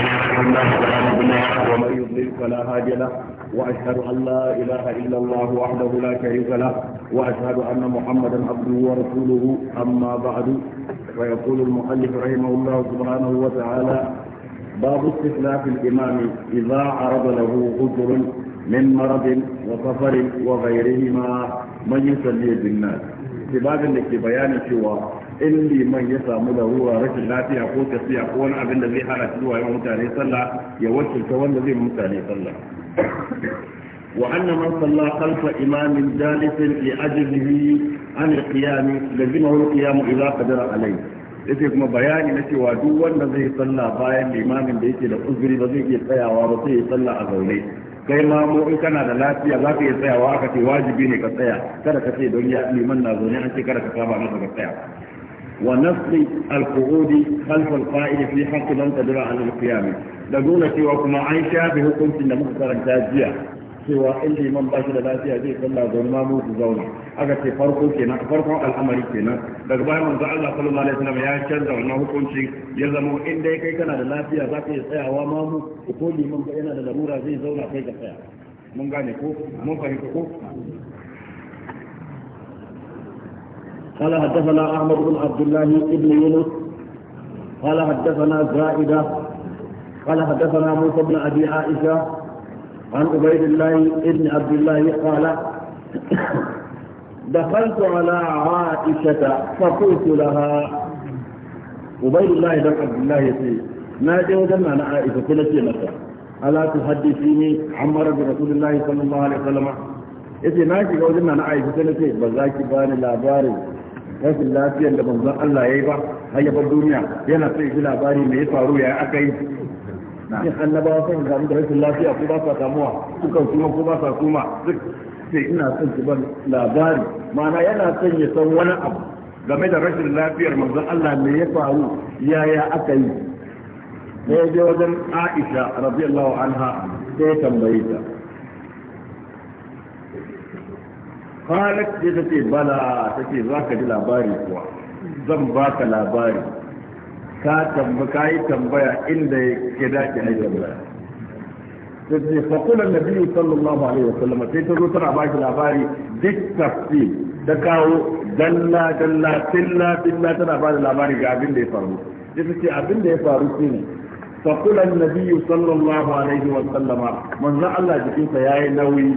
يهده الله فلا مضل له ومن يضلل فلا هادي له واشهد ان لا اله الا الله وحده لا شريك له واشهد ان محمدا عبده ورسوله اما بعد فيقول المؤلف رحمه الله سبحانه وتعالى باب استخلاف الامام اذا عرض له عذر من مرض وسفر وغيرهما من يصلي بالناس في باب في بيان شوى in liman ya samu da ruwa rashin lafiya ko tafiya ko wani abin da zai hana zuwa yawan mutane sallah ya wakilta wanda zai mutane sallah وأن من صلى خلف إمام جالس لأجله عن القيام لزمه القيام إذا قدر عليه yake kuma bayani na cewa duk wanda zai salla bayan limamin da yake da uzuri ba zai iya tsayawa ba sai ya salla a zaune kai ma mu in kana da lafiya za ka iya tsayawa aka ce wajibi ne ka tsaya kada ka ce don ya liman na zaune an ce kada ka saba masa ka tsaya ونفس القعود خلف القائد في حق من قدر على القيام دقونا سوى كما عيشا بحكم سنة مختصرا تاجية سوى اللي من باشر لا تأتي صلى ظلما موت زونا أجل في فرقه كنا فرقه الأمر كنا دقبا من ذا الله صلى الله عليه وسلم يا شرد وأنه حكم شيء يلزموا إن دي كي كان لا تأتي ذاك يسعى ومامو وكل من بينا للمورة زي زونا كي كسعى من قال لكو من فهمتكو قال حدثنا أحمد بن عبد الله بن يونس قال حدثنا زائدة قال حدثنا موسى بن أبي عائشة عن عبيد الله بن عبد الله قال دخلت على عائشة فقلت لها عبيد الله بن عبد الله يسير ما جاء لنا أنا عائشة كل شيء مثلا ألا تحدثيني عن مرض رسول الله صلى الله عليه وسلم yace ما shiga لنا na عائشة sai nace ba za لا باري rashin lafiyar da banzan Allah ya yi ba har ya duniya yana sai ji labari me ya faru ya yi aka yi yin annabawa sun gamu da rashin lafiya ko ba sa samuwa sukan kuma ko ba sa kuma duk sai ina son ki ban labari mana yana son ya san wani abu game da rashin lafiyar manzon Allah me ya faru yaya aka yi ne je wajen Aisha radiyallahu anha sai tambaye ta bala ta ce za ka ji labari kuwa zan ka labari ka tamba ka yi tambaya inda ya dace a yi ba ta ce fakulan na biyu sallallahu alaihi wa sallama sai ta zo tana ba shi labari duk tafsir da kawo dalla dalla tilla tilla tana ba da labari ga abin da ya faru sai ta ce abin da ya faru ne fakulan na biyu sallallahu alaihi wa sallama manzan Allah jikinsa ya yi nauyi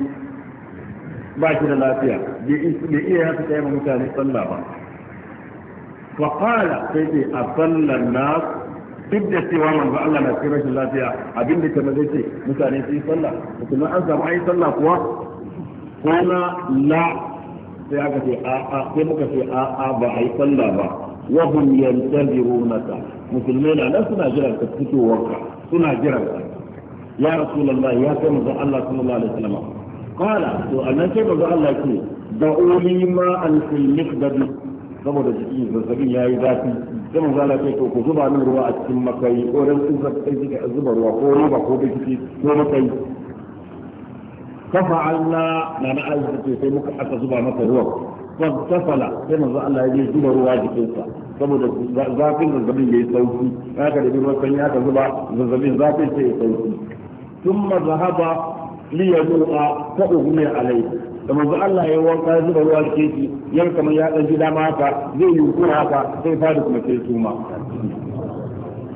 ba shi da lafiya bai iya ya fita yi mutane sallah ba faƙala sai ce a sallan na duk da cewa manzo Allah na cikin rashin lafiya abin da kamar zai ce mutane su yi sallah kuma an samu yi sallah kuwa ko na la sai aka ce a a sai muka ce a a ba ayi sallah ba wa hum yantazirunaka musulmai na nan suna jiran ka fitowarka suna jiran ka ya rasulullahi ya kai manzo Allah sallallahu alaihi wasallam qala to annan sai manzo Allah ce da uli ma an fil miqdadi saboda jiki zazzabin yayi zafi sai manzo Allah ce to ku zuba min ruwa a cikin makai ko ran kusa sai kika zuba ruwa ko roba ko biki ko makai kafa'alna na na aisha ce sai muka aka zuba maka ruwa fasala sai manzo Allah ya zuba ruwa jikinsa saboda zafin zazzabin ya yi sauki haka da ruwan sanyi haka zuba zazzabin zafin sai ya ثم ذهب liyazuqa fa ughmiya alayhi da manzo Allah ya wanka ya zuba ruwa cikin shi yan kamar ya dan ji dama haka zai yunkura haka sai fadi kuma sai suma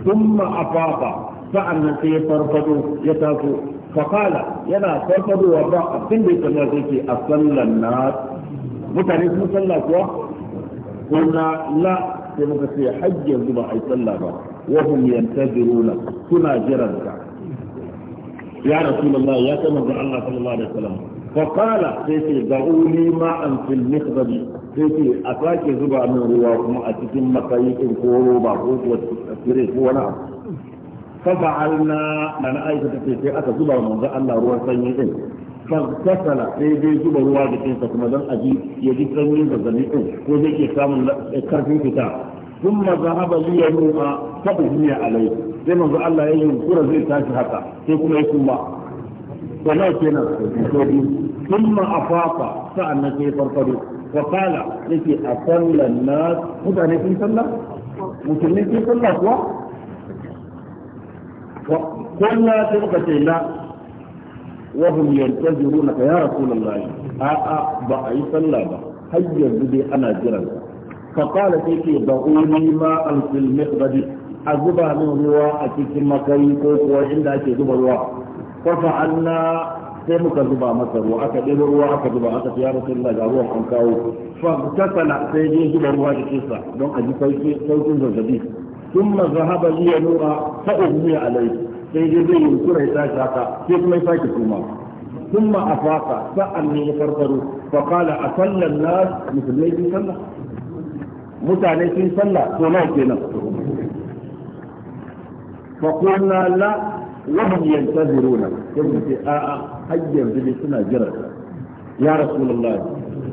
thumma afafa sa'annan sai ya farfado ya taso fa qala yana farfadowa ba abin da yake sai ce a sallan nas mutane sun salla kuwa kunna la sai muka ce hajji yanzu ba ai sallah ba wa hum yantaziruna suna jiranka ya rasulullah ya kai manzon Allah sallallahu alaihi wasallam fa qala sai ce da'uni ma'an fil miqdadi sai ce zuba min ruwa kuma a cikin makayi in ko ruwa ko ko tsire ko wani fa fa'alna man take sai aka zuba manzon Allah ruwan sanyi din فاغتسل sai dai zuba ruwa da kinsa kuma dan aji ya ji sanyin zazzabi din ko yake samun karfin fita ثم ذهب لينوء فأغمي عليه sai manzo Allah ya yi yunkura zai tashi haka sai kuma ya kuma to na kenan to bi kuma afafa sa'annan sai farfado wa kala yake a sallan nas mutane sun sallah musulmi sun sallah kuwa kulla sai suka ce la wa hum yantaziruna ya rasulullahi a a ba a yi sallah ba har yanzu dai ana jiran fa qala sai ke da'uni ma al-fil miqdadi a zuba min ruwa a cikin makari ko kuwa inda ake zuba ruwa kwafa anna sai muka zuba masa ruwa aka ɗebo ruwa aka zuba aka ce mutum rasulullah ga ruwan an kawo fa sai je zuba ruwa da kisa don a ji saukin zazzabi ثم ذهب لي نورا فأغمي alai sai je zai yunkura ya tashi haka sai kuma ya sake kuma ya أفاق فأني يفرفر فقال أصلى الناس مثل ما يجي Mutane sun في to nawa kenan? فقلنا لا وهم ينتظرون ثم في آآ حيا بلسنا جرد يا رسول الله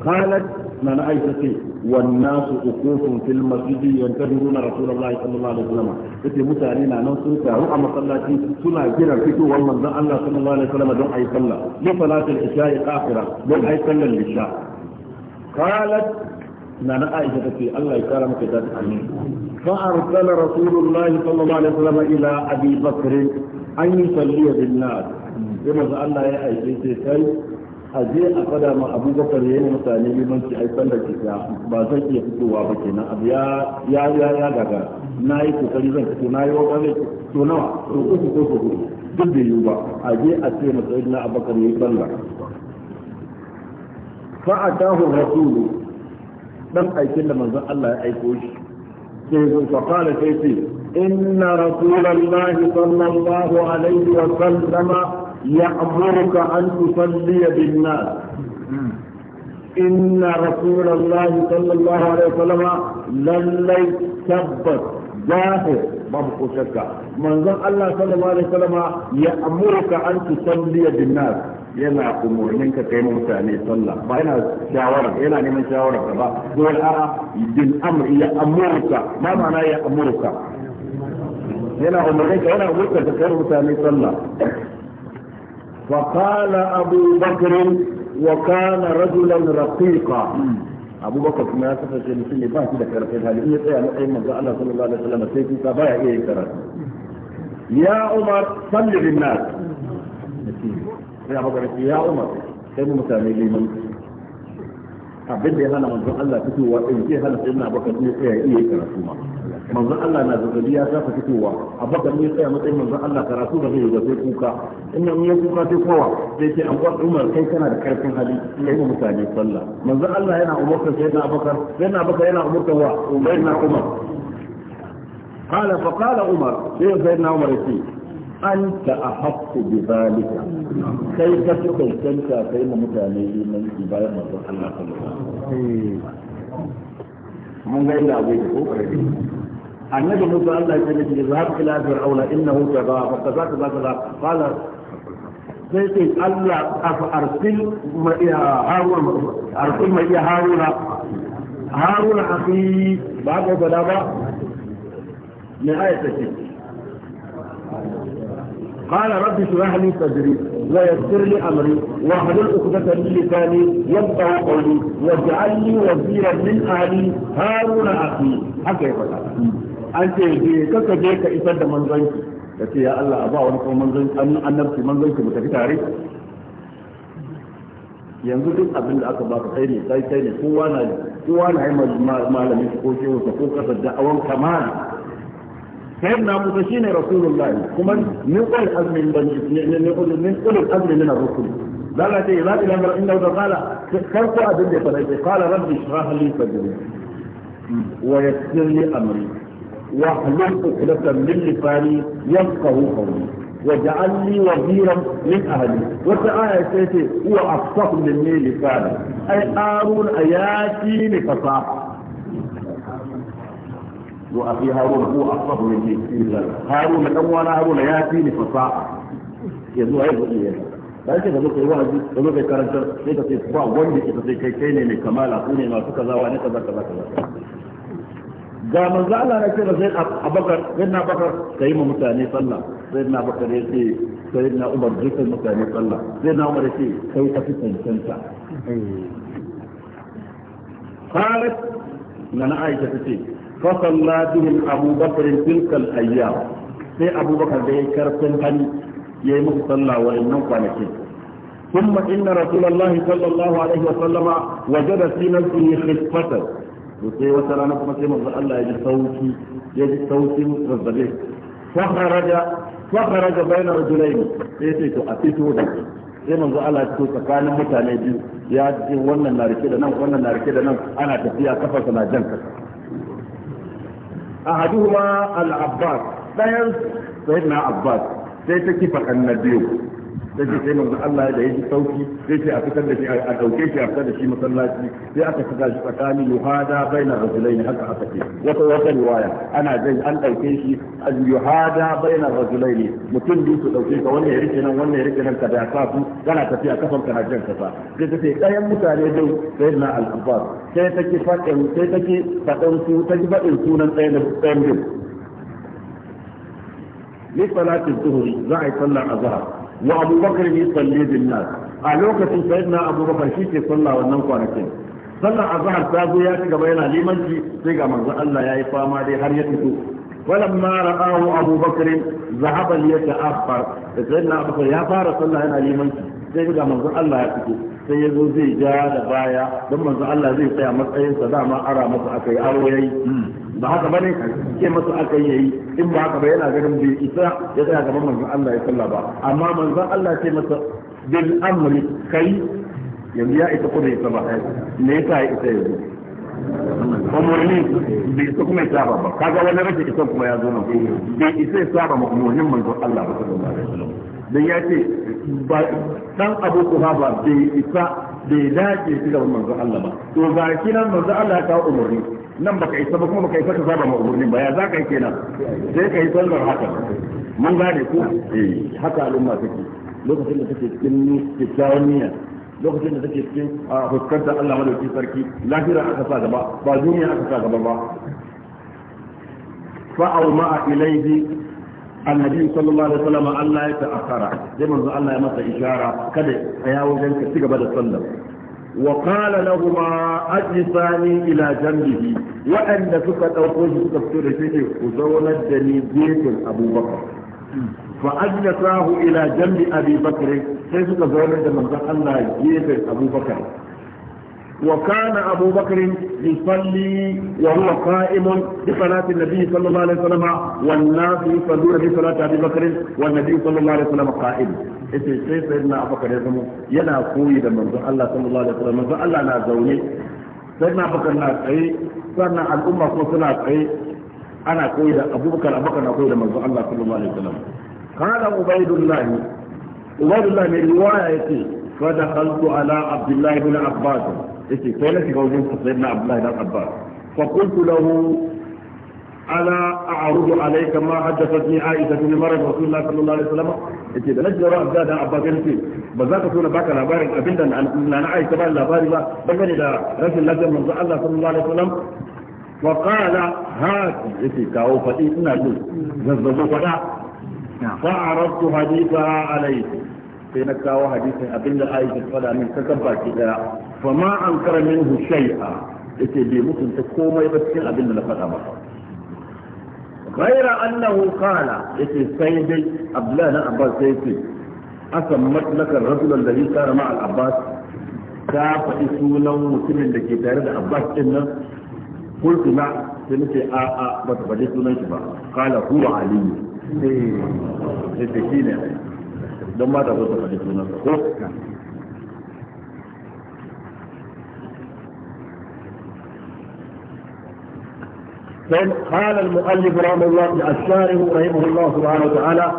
قالت من عيسى والناس وقوف في المسجد ينتظرون رسول الله صلى الله عليه وسلم فتي موسى علينا نوت سنسى رؤى مصلاتي سنى جرى فتو والمن ذا الله صلى الله عليه وسلم دون أي صلى لصلاة العشاء الآخرة دون أي صلى العشاء قالت na na aisha ta ce Allah ya kara maka da amin fa arsala rasulullah sallallahu alaihi wasallam ila abi bakr an yusalli bin nas sai manzo Allah ya aike sai kai a je a fada ma abu Bakr ya yi mutane manci ai sallar ta ba zan iya fitowa ba kenan abu ya ya ya ya gaga na yi kokari zan fito na yi wa to nawa to uku ko ko duk da yiwu ba a je a ce masa na abakar ya yi sallar fa'atahu rasulullah dan aikin da manzon Allah ya aiko shi sai zo fa kala sai ce inna rasulullahi sallallahu alaihi wa sallam ya'muruka an tusalli bin nas inna rasulullahi sallallahu alaihi wa sallam lallai tabbas jahe babu ko shakka manzon Allah sallallahu alaihi wa sallam ya'muruka an tusalli bin nas yana umurnin ka kai mutane sallah ba yana shawara yana neman shawara ka ba wal ara bil amri ya amurka ma ma'ana ya amurka yana umurnin ka yana umurka ka kai mutane sallah fa qala abu bakr wa kana rajulan raqiqa abu bakr kuma ya saka shi mutum ne ba shi da karfin hali in ya tsaya na matsayin manzo Allah sallallahu alaihi wasallam sai kuka baya iya yin karatu ya umar salli bin nas sai abu bakar ya umar sai mu mutane liman abin da ya hana manzon Allah fitowa din zai hana sai na bakar ne sai ya iya karatu ma manzon Allah na zazzabi ya saka fitowa abubakar ne sai matsayin manzon Allah karatu da zai zai kuka in in ya kuka sai kowa sai ce an gwar umar kai kana da karfin hali sai mu mutane sallah manzon Allah yana umurta sai na abubakar sai na abubakar yana umurta wa sai na umar قال فقال عمر سيدنا عمر يقول anta ahaqqu bi zalika kai ka fi cancanta kai ma mutane limanci bayan manzon Allah sallallahu alaihi wasallam mun ga inda abai ko annabi Musa Allah ya ce zahab ila fir'auna innahu kaza fa kaza kaza kaza qala sai ce Allah af arsil ma iya haruna arsil ba قال رب اشرح لي صدري ويسر لي امري واحلل عقدة من لساني يفقه قولي واجعل لي وزيرا من اهلي هارون اخي حكى يقول انت في kaka je ka isar da manzanki da ce ya Allah a ba wani kuma manzanki an annabci manzanki yanzu duk abin da aka ba ka kai ne sai kai ne kowa na kowa na yi malamin ko shehu ko kasar da awon kamar سيدنا موسى شيني رسول الله كما من قول من بني من قول الأزم من الرسل لا لا تي لا إنه قال كيف أدل فليس قال رب اشرح لي فجري ويسر لي أمري واحلل عقدة من لساني يفقه قولي واجعل لي وزيرا من أهلي يا سيدي آية هو أفصح مني لساني أي آرون أياتي لفصاحة وأخي هارون هو أفصح مني هارون كم وانا هارون يأتيني فصاحة يزوع يزوع bayan sai ka zo kai wa'azi ka zo kai karantar sai ka ce ba wanda ke sai kai kai ne mai kamala ku ne masu kaza wa ne kaza kaza kaza ga manzo Allah ne cewa sai Abubakar sai na Bakar kai mu mutane sallah sai na Bakar ya ce sai na Umar duka mutane sallah sai na Umar ya ce kai ka fi cancanta qalat nana Aisha ta ce فصلى بهم أبو بكر تلك الأيام سي أبو بكر ده كرسن هني يمس صلى وإنه قانكين ثم إن رسول الله صلى الله عليه وسلم وجد في نفسه خفة وسي وسلم كما سيما الله يجي صوتي يجي صوتي رزبه فخرج فخرج بين رجلين سيتي تؤتيته sai manzo Allah ya fito tsakanin mutane biyu ya ji wannan na rike da nan wannan na rike da nan ana tafiya kafarsa na jan kasa ahaduhuma al-abbas dayan sayyidina abbas sai ta kifa annabiyu sai sai manzo Allah da yaji sauki sai sai a fitar da shi a dauke shi a fitar da shi masallaci sai aka saka shi tsakani yuhada baina rajulaini haka aka ce wata wata riwaya ana jin an dauke shi yuhada baina rajulaini mutum biyu su dauke ka wannan ya rike nan wannan ya rike nan ka da ka su kana tafiya kafan kana jan kasa sai ta ce ɗayan mutane dai sai na al-abbas sai take fadin sai take fadin su take fadin sunan ɗayan da ɗayan biyu لصلاة الظهر زعي صلى الظهر wa abubakar ne salli bin a lokacin sayyid na abubakar shi ke sallah wannan kwanakin sallar azhar ta zo ya ci gaba yana limanci sai ga manzon Allah yayi fama dai har ya fito walamma ra'ahu abubakar zahaba liyata'affar sayyid na abubakar ya fara sallah yana limanci sai ga manzon Allah ya fito sai ya zo zai ja da baya don manzo Allah zai tsaya matsayinsa dama ara masa aka yi aro yayi hmm. ba haka ba ne ke masa aka yi yi in ba haka ba yana ganin bai isa ya tsaya gaban manzo Allah ya salla ba amma manzo Allah ce masa bil amri kai yanzu ya isa kuma ba saba eh, me yasa ya isa yanzu umarni bai isa kuma ya saba ba kaga wani rashin isa kuma ya zo na bai isa ya saba umarnin manzo Allah ba sallallahu alaihi wasallam da ya ce dan abu ba bai isa bai dace shi da manzo Allah ba to ga kinan manzo Allah ya kawo umarni nan baka isa ba kuma baka isa ka saba ma umarni ba ya za ka yi kenan sai ka yi sallar haka mun gane ko eh haka al'umma take lokacin da take cikin kyakkyawan niyya lokacin da take cikin fuskantar Allah madauki sarki lafiya aka sa gaba ba duniya aka sa gaba ba fa'au ma'a ilayhi annabi sallallahu alaihi wasallam Allah ya akara sai manzo Allah ya masa ishara kada tsaya wajen ka ci gaba da sallah wa qala lahumma ajlisani ila janbihi waɗanda suka ɗauko shi suka fito da shi ku zaunar da ni gefen abubakar fa ajlasahu ila janbi abi sai suka zaunar da manzon Allah gefen abubakar وكان أبو بكر يصلي وهو قائم بصلاة النبي صلى الله عليه وسلم والناس يصلون بصلاة أبي بكر والنبي صلى الله عليه وسلم قائم إذن سيدنا أبو بكر يزمو ينا قوي من الله صلى الله عليه وسلم من الله نا زوني سيدنا أبو بكر ناس أي سيدنا الأمة صلى أي أنا قوي أبو بكر أبو بكر قوي من الله صلى الله عليه وسلم قال عبيد الله عبيد الله من رواية فدخلت على عبد الله بن عباس yake sai na shiga wajen sayyidina abdullahi dan abbas fa qultu lahu ala أعرض عليك ما حدثتني عائشة بن مرض رسول الله صلى الله عليه وسلم yake da lajiyar ra'a da dan abba gani ce ba za ka so na baka labarin abinda na na aisha ba labari ba dangane da rashin lafiyar manzo Allah sallallahu alaihi wasallam wa qala hati yake kawo fadi ina jin zazzabo fada fa arabtu haditha alayhi sai na kawo hadisin abinda aisha ta faɗa min kakan baki daya fa ma an kara minhu shay'a yace bai mutunta komai ba cikin abin da na faɗa maka غير أنه قال يتي سيدي عبد الله بن عباس يتي أسمت لك الرجل الذي كان مع العباس ka faɗi sunan mutumin da ke tare da abbas ɗin nan kultu na sai nace a a ba ta faɗi sunan shi ba kala huwa aliyu eh. sai da shi ne don ba ta so ta faɗi sunan sa ko بل قال المؤلف رحمه الله الشارح رحمه الله سبحانه وتعالى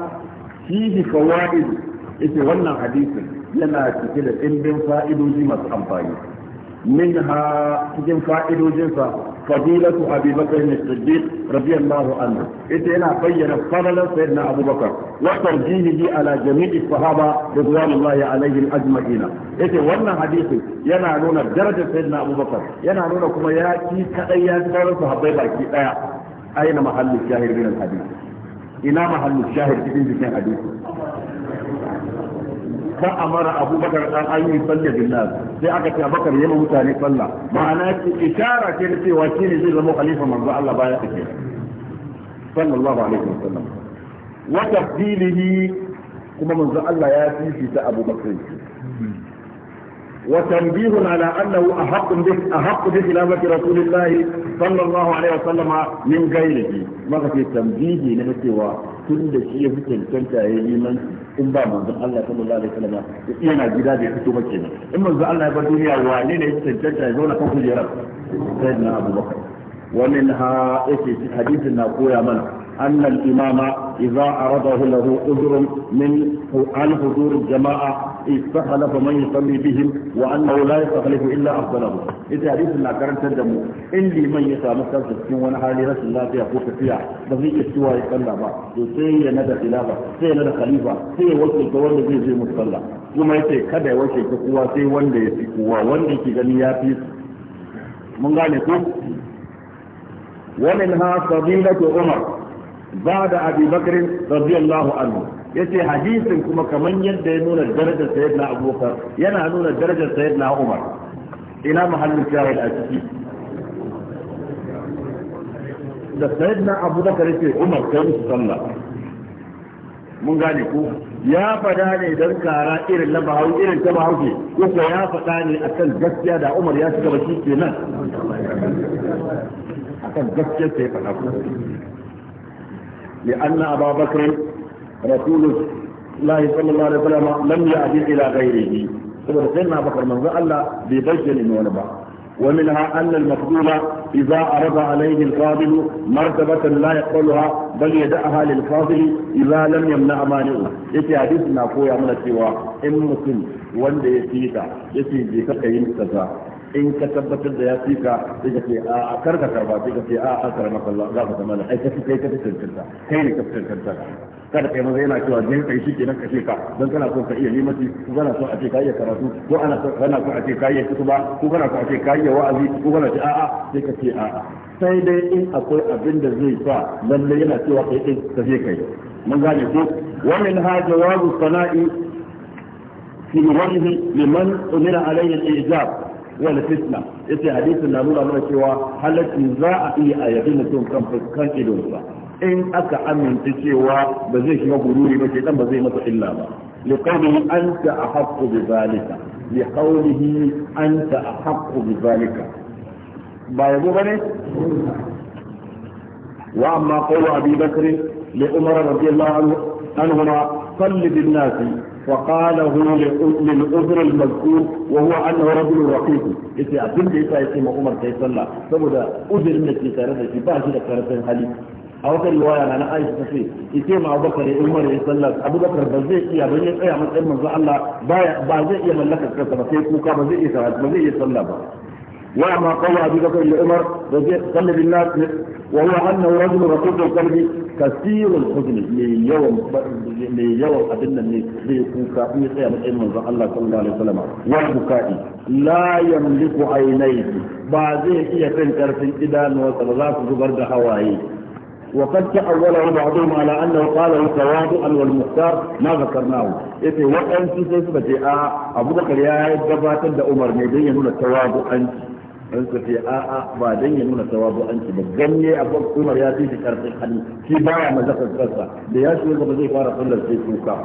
فيه فوائد إذا حديثا ولنا لما تكلم إن بين فائده وزي ما منها جن فائد وجن فائد فضيلة أبي بكر الصديق رضي الله عنه إذا أنا بيّن فضل سيدنا أبو بكر وترجيه على جميع الصحابة رضوان الله عليه الأجمعين إذن ورنا حديث ينعلون الدرجة سيدنا أبو بكر ينعلون كما يأتي تأيان سيدنا صحابي الكتاب أين محل الشاهد من الحديث إنا محل الشاهد في الحديث Ka amara abubakar an an yi sallah bin nas sai aka ce abubakar yayi mutane sallah ma'ana ce isharar ce da cewa shi ne zai zama khalifa manzo Allah baya take sallallahu alaihi wasallam wa tafdilihi kuma manzo Allah ya fifita abubakar وتنبيه على أنه أحق به أحق بخلافة رسول الله صلى الله عليه وسلم من غيره ما في تنبيه cewa. tun da shi ya fi cancanta ya yi nan in ba manzon Allah kalama da iya yana gida da ya fito ba kenan in manzon Allah ya bar duniya wa ne ya cancanta ya zauna kan kujerar na Abubakar wannan ha yake hadisin na koya mana أن الإمام إذا عرضه له عذر من عن حضور الجماعة استخلف من يصلي بهم وأنه لا يستخلف إلا أفضله إذا حديث الله كرنت الدم إن لي من يسامى سلسل وانا حالي رسول الله في أبوك فيها بذيك استوى يصلى با سي ندى خلافة سي ندى خليفة سي وصل كوان زي زي مصلى كما يتي كده وشي كقوة سي وان دي كقوة وان دي كغنياتي من قال يقول ومنها فضيلة عمر بعد أبي بكر رضي الله عنه yace hadisin kuma kaman yadda ya nuna darajar sayyidina abubakar yana nuna darajar sayyidina umar ina mahallin shahid a ciki da sayyidina abubakar yace umar kai musu sallah mun gane ku ya fada ne dan kara irin na Baha'u irin ta ke, ko ya fada ne akan gaskiya da umar ya shiga baki kenan akan gaskiya sai fada ku لأن أبا بكر رسول الله صلى الله عليه وسلم لم يأتي إلى غيره سبب سيدنا أبا بكر من Allah bai bayyana ومنها أن المفضول إذا عرض عليه الفاضل مرتبة لا يقبلها بل يدعها للفاضل إذا لم يمنع مانعه يتي حديثنا قوي من السواء إن مسلم وان يتيتا يتي بكتين in ka tabbatar da ya fi ka sai ka ce a a karka karba sai ka ce a a karama kalla za ka zama da ai fi kai ka fi tantanta. kai ne ka fi tantanta. kada kai maza yana cewa jin kai shi kenan kashe ka don kana so ka iya yi mati ko kana so a ce ka iya karatu ko ana so kana so a ce ka iya kutuba ko kana so a ce ka iya wa'azi ko kana ce a a sai ka ce a a sai dai in akwai abin da zai sa lalle yana cewa kai din ka je kai mun gane ko wa min ha jawabu sana'i fi wajhi liman umira alayhi al-ijab wani fitna yace hadisin na nuna mana cewa halatti za a iya a yabi mutum kan fuskan idon sa in aka aminta cewa ba zai shiga gururi ba sai dan ba zai masa illa ba liqawlihi anta ahaqqu bi zalika liqawlihi anta ahaqqu bi zalika ba yabo bane wa amma qawlu abi bakr li umar radiyallahu anhu anhuma salli bin nasi فقاله للأذر المذكور وهو أنه رجل رقيق إذا أبنت إذا يسمى عمر كيسان الله فبدا أذر من التسارة في بعض الأكثر في الحديث أو في الرواية أنا آية تفي إذا ما أبكر عمر كيسان الله أبو بكر بزيء يا بني إيه من إيه من زعل الله بزيء يا من لك الكسر فيه كوكا بزيء يسرات بزيء وما قال أبي بكر لعمر صلى بالناس وهو أنه رجل رسول القلب كثير الحزن ليوم ليوم أبنا ليكوكا في قيامة من الله صلى الله عليه وسلم والبكاء لا يملك عينيه بعضه هي تنكر في الادان وصلات زبر هوائي وقد تأوله بعضهم على أنه قاله التواضع والمختار ما ذكرناه إذا وقت في آه، أبو بكر يا جبات عمر ميدين هنا التواضع أنت in ka ce a'a ba dan ya nuna tawazu an ci ba ganye a Umar ya fi shi karfin hali shi baya mazakar kansa da ya shiga ba zai fara sallar sai kuka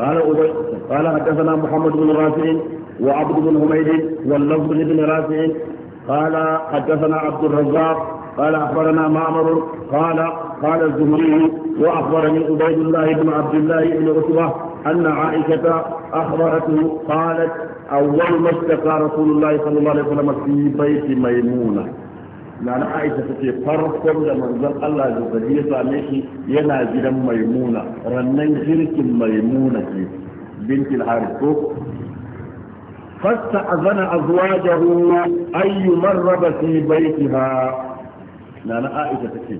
قال أبي قال حدثنا محمد بن رافع وعبد بن حميد واللفظ بن رافع قال حدثنا عبد الرزاق قال أخبرنا مامر قال قال الزهري وأخبرني عبيد الله بن عبد الله بن عتبة أن عائشة أخبرته قالت أول ما اشتكى رسول الله صلى الله عليه وسلم في بيت ميمونة لأن عائشة في فرصة لمنزل الله عز وجل يسامح ينازل ميمونة رنن جرك ميمونة بنت الحارث فاستأذن أزواجه أن يمرب في بيتها na na aisha ta ce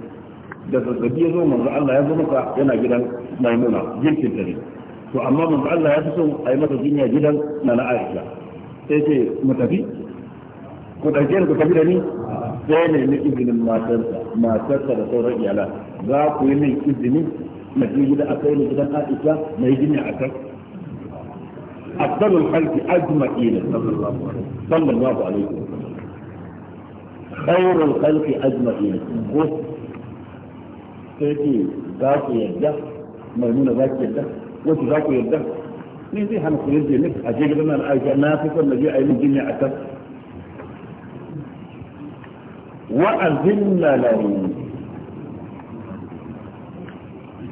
da zazzabi ya zo manzo Allah ya zo maka yana gidan maimuna jinkin ta ne to amma manzo Allah ya fi son a yi masa jinya gidan na na aisha sai ce mu tafi ku ɗauke ku tafi da ni sai ne ni izinin matarsa matarsa da sauran iyala za ku yi min izini na je gida a kai ni gidan aisha na yi jinya a kai أفضل الخلق أجمعين صلى الله عليه وسلم خير الخلق اجمعين ko sai ce za ku yarda mai nuna za ku yarda حنا za ku yarda ni zai hana ku yarda ne a je gidan al'aisha na fi son na a yi jinya a kan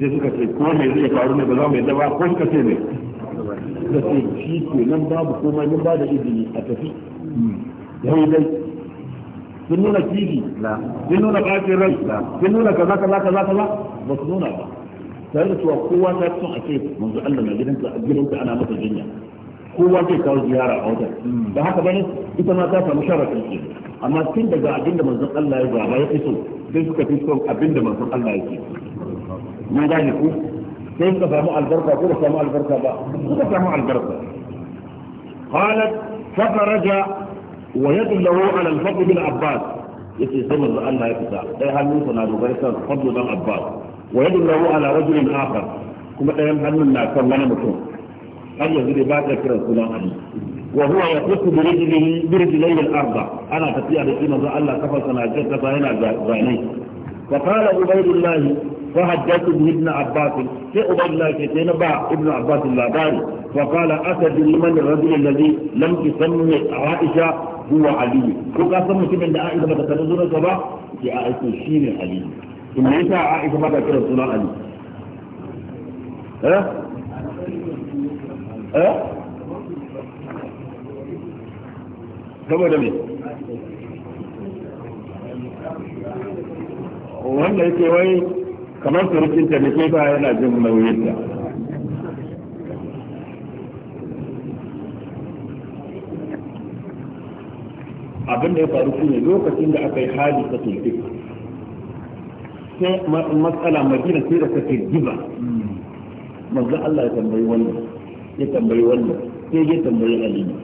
sai suka ce ko ne zai faru ne ba za mu yadda ba ko suka ce ne suka ce shi ke nan babu komai mun ba da izini a tafi dai في نونا تيجي لا في نونا قاتل رجل لا في نونا كذا كذا كذا كذا بس نونا ثالث وقوة ثالث أكيد من ذلك ما جينا جينا أنا ما تجينا قوة كذا زيارة أو ذا ده هذا بني إذا ما تعرف مشارك فيه أما كين ده قاعدين ده من ذلك الله يبغى ما يقصو ده شو كتير كم أبين ده من ذلك الله يجي ما جاي يقول كيف تفهموا البركة كيف تفهموا البركة بقى كيف تفهموا البركة قالت فخرج ويدله له على الفضل بن عباس يتي سمى الله يا اي هل يسنا دوغيسا فضل بن عباس ويدله له على رجل آخر كما ايام هل ناكر وانا مكون هل يزيد بعد كرا سنا علي وهو يقص برجله برجليه الأرض أنا تتيع بسيما الله سنه سناجد فهنا زاني فقال عبيد الله fa haddathu ibn abbas sai ubaydullah ke sai na ba ibn abbas labari fa qala asadu liman ar alladhi lam tusammi aisha huwa ali ko ka san mutumin da aisha bata san zuwa ka ba ke aisha shine ali in ne ta aisha ta kira sunan ali eh? Eh? kamar surukinta da ke ba yana jin nauyinta abin da ya faru shi ne lokacin da aka yi hali ta tulfi sai matsala madina sai da ta giba manzo Allah ya tambayi wannan ya tambayi wannan sai ya tambayi aliyu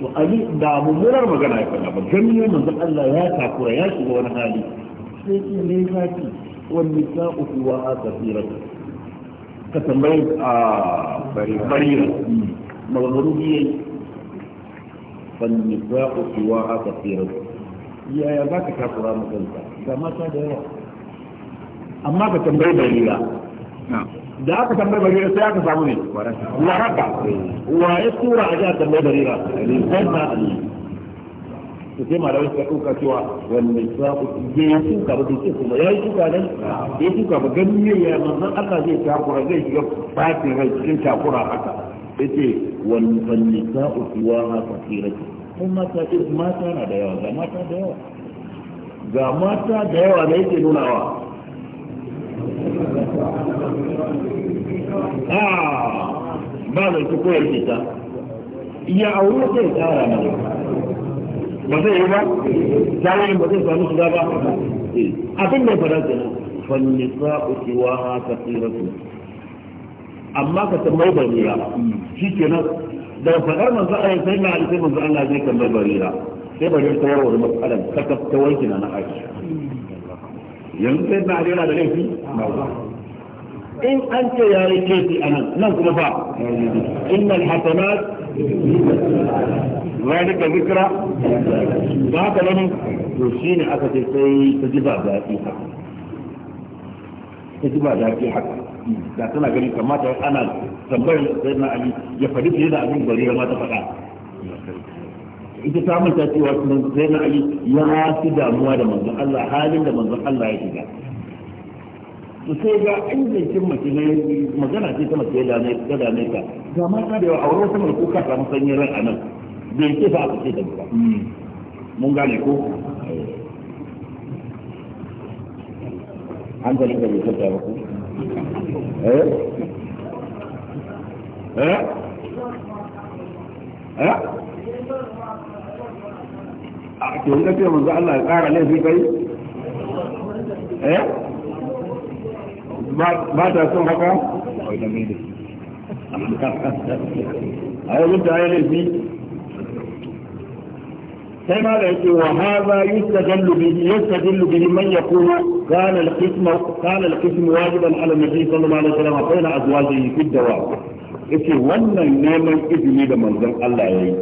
to ali da mummunar magana ya faɗa ba ganin manzo Allah ya takura ya shiga wani hali sai ne ya والنساء سواها كثيرة كتنبيه بريرة مغربية فالنساء سواها كثيرة يا يا ذاك كافر مثلك كما كان أما كتنبيه بريرة نعم da aka tambayi barira sai aka samu ne waraka wa ya tura a ji a tambayi barira sai na aliyu to sai malamai suka ɗauka cewa wanda ya ku ya tuka ba sai kuma ya yi tuka nan ya tuka ba ganin ne ya manzon Allah zai takura zai shiga fatin rai cikin takura haka yace wal nisa'u siwaha kathiratu Kuma mata eh, mata na da yawa ga mata da yawa ga mata da yawa da yake wa ah ba da su koyar kita ya aure sai tsara na ولكن يجب ان يكون هناك افضل من اجل ان يكون هناك افضل من اجل ان يكون هناك افضل من اجل ان يكون هناك افضل من اجل ان يكون هناك افضل من اجل ان يكون هناك افضل من اجل ان يكون هناك افضل من اجل ان يكون هناك افضل من اجل ان يكون هناك افضل من اجل ان يكون هناك افضل من اجل ان يكون هناك افضل من اجل ان يكون هناك افضل من اجل ان يكون هناك ذلك ذكرى ذاك لهم وشين أكثر شيء تجبع ذاتي حق تجبع ذاتي حق da tana gani kamata ana tambayar sai na ali ya faɗi fiye da abin bari ma mata faɗa ita ta manta cewa sai na ali ya ma fi damuwa da manzon Allah halin da manzon Allah ya shiga to sai ga in zai zancen mace ne magana ce ta mace da ne ta da ne ka ga ma mata da yawa a wurin sama ko ka samu sanyin ran a nan bai ce fa a ce ta ba mun gane ko an zalika bai tabbata ba ko eh eh eh a ke wanda ka ce manzo Allah ya kara laifi kai eh ما ما تسمع حكا كما وهذا يستدل به يستدل به من يقول كان القسم كان القسم واجبا على النبي صلى الله عليه وسلم بين أزواجه في الدواء يقول ونن نيمن إذن إذا الله يعين.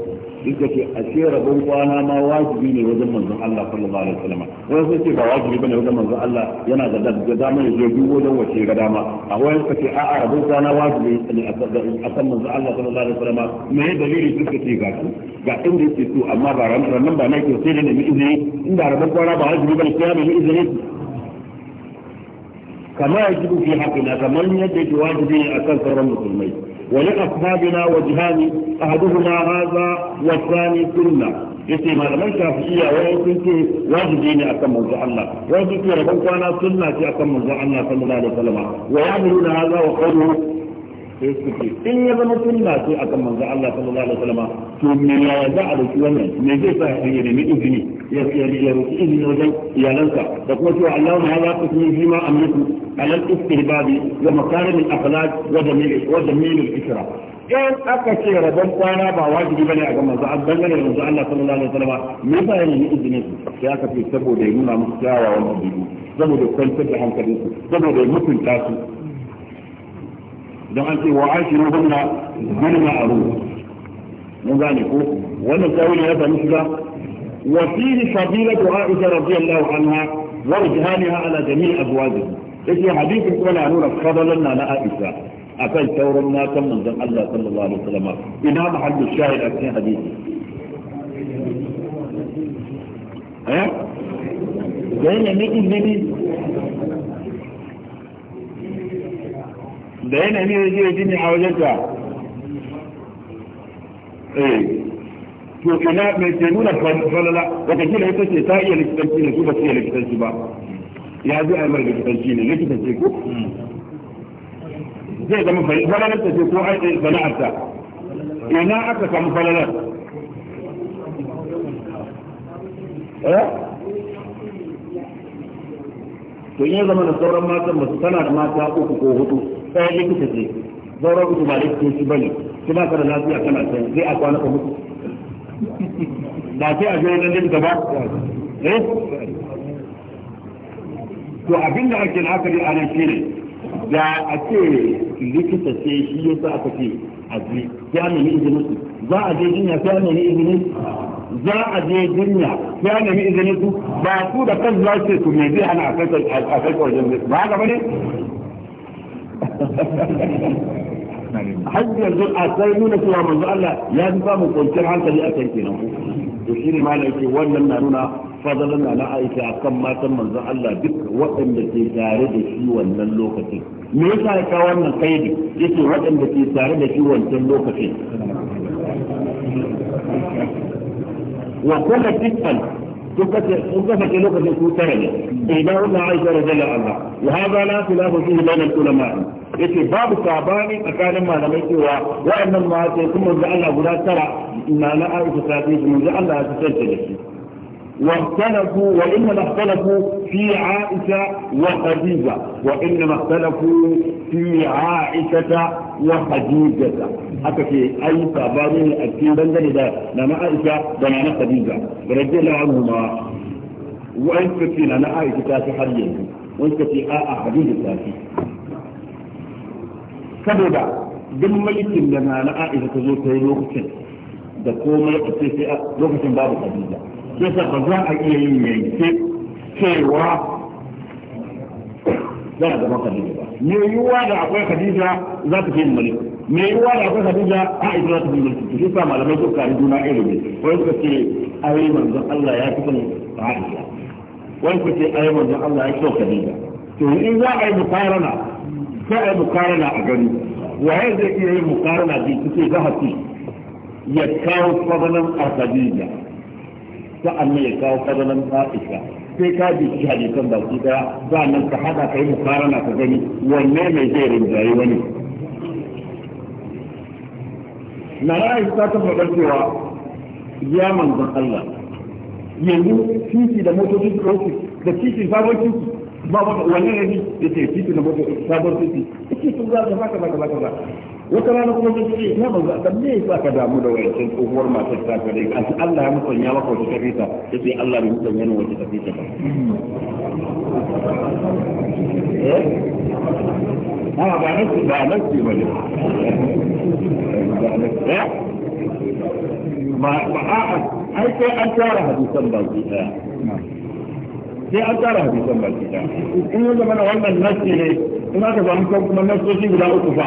suka ce a ce rabon kwana ma wajibi ne wajen manzon Allah sallallahu alaihi wasallam wai sun ce ba wajibi bane wajen manzon Allah yana da da dama ya je duk wajen wace ga dama a wai suka ce a'a rabon kwana wajibi ne a san manzon Allah sallallahu alaihi wasallam me dalili suka ce ga su ga inda yake so amma ba ranan ba na ke sai da nemi izini inda rabon kwana ba wajibi bane sai ya nemi izini kama yajibu fi haqqina kamar yadda yake wajibi ne akan sauran musulmai ولأصحابنا وجهان أحدهما هذا والثاني سنة yace malaman shafi'iyya wai sun ce wajibi ne akan manzo Allah wai sun ce rabon kwana sunna ce akan manzo Allah sallallahu alaihi wasallam wa ya'muruna hadha wa qawluhu sai suke in ya zama sunna ce akan manzo Allah sallallahu alaihi wasallam to me ya za a roki wannan me zai sa ya nemi izini ya ya roki izini wajen iyalansa da kuma cewa Allahumma hadha qismi fi ma amliku ala al-istihbabi wa makarim al-akhlaq wa jamil wa jamil al-ikra in aka ce rabon kwana ba wajibi bane a ga manzo Allah dangane da manzo Allah sallallahu alaihi wasallam me yasa ya nemi izini sai aka ce saboda ya nuna musu kyawawan dabi'u saboda kwantar da hankalinsu saboda ya mutunta su don an ce wa ashiru hunna bil ma'ruf mun gane ko wannan tawili ya sami shiga wa fihi fadilatu Aisha radiyallahu anha wa rijhanaha ala jami' azwajihi yake hadisin kuma na nuna fadalan na Aisha akan sauran matan manzon Allah sallallahu alaihi wasallam ina mahallu shahid a cikin hadisi eh da yana ne da yana ne da zai gini a wajenka eh to ina mai ke nuna falala wata kila ita ce ta iya likitanci ne su ba su iya likitanci ba ya zai aimar likitanci ne likitan ce ko zai zama falalar ta ce ko aiki sana'ar ta ina aka samu falalar to in ya zama da sauran matan ba su tana da mata uku ko hudu sai likita ce zaura da ba likita shi bane shi ba ka da lafiya kana san sai a kwana ka mutu ba sai a je wajen likita ba eh to abin da ake naka da a shi ne da a ce likita ce shi yasa aka ce a je ya nemi izinin su za a je jinya sai ya nemi izinin za a je jinya sai ya nemi izinin su ba ku da kan za su ne me zai hana a kai wajen ba ga bane hajjar zuwa sai nuna cewa manzo Allah ya fi samun kwanciyar hankali a kan kenan to shi ne malai ce wannan na nuna fadalan na aisha akan matan manzo Allah duk waɗanda ke tare da shi wannan lokacin me yasa ya kawo wannan kaidi yace waɗanda ke tare da shi wancan lokacin wa kullu tikkan وكفت لغة كوتانية إيمان عائشة رضي الله وهذا لا خلاف فيه بين العلماء يتي باب صعباني أكان ما نميت وأن ما تكون من الله ولا ترى ما لا أعرف ساتيك من الله تسلسل واختلفوا وإنما اختلفوا في عائشة وخديجة وإنما اختلفوا في عائشة وخديجة حتى في أي تعبارين أكيد بنزل إذا نعم عائشة بنعنى خديجة رجل الله عنهما وإن كتين أنا عائشة تاسي حاليا وإن كتين آآ خديجة تاسي كبدا دم لما لنا عائشة تزور تهي لوكتين da komai a ce yasa ba za a iya yin yanke cewa za a zama khadija ba me yiwuwa da akwai khadija za ta fi yin malik me yiwuwa da akwai khadija a ita za ta fi yin malik to sa malamai ko kari juna ilimi wani suka ce ayi manzon Allah ya fi son Aisha wani suka ce ayi manzon Allah ya fi son khadija to in za a yi mukarana sai a yi mukarana a gani waye zai iya yin mukarana bi kuke zahafi ya kawo fadalan a khadija sa'annan ya kawo fadalan Aisha sai ka bi shi hadisan baki daya sa'annan ka hada ka yi mukarana ka gani wanne mai zai rinjaye wani na ra'ayi ta faɗa cewa ya manzan Allah yanzu titi da motocin kawai da titi sabon titi ba wani ne ya ce titi da motocin sabon titi ake sun za ka baka baka baka baka وترى انا لك في إيه؟ ما بقى تبني فك دا مدوي في امور ما أقول لك انت الله مكن يلقو تكفيتا تبي الله مكن ينو تكفيتا أقول لك بعرف بعرف في مجلس بعرف ما ما احد هاي في أقول لك بالضبط sai an tara hadu san balkita in yanzu mana أقول لك ne in aka zama kuma nasoshi guda uku fa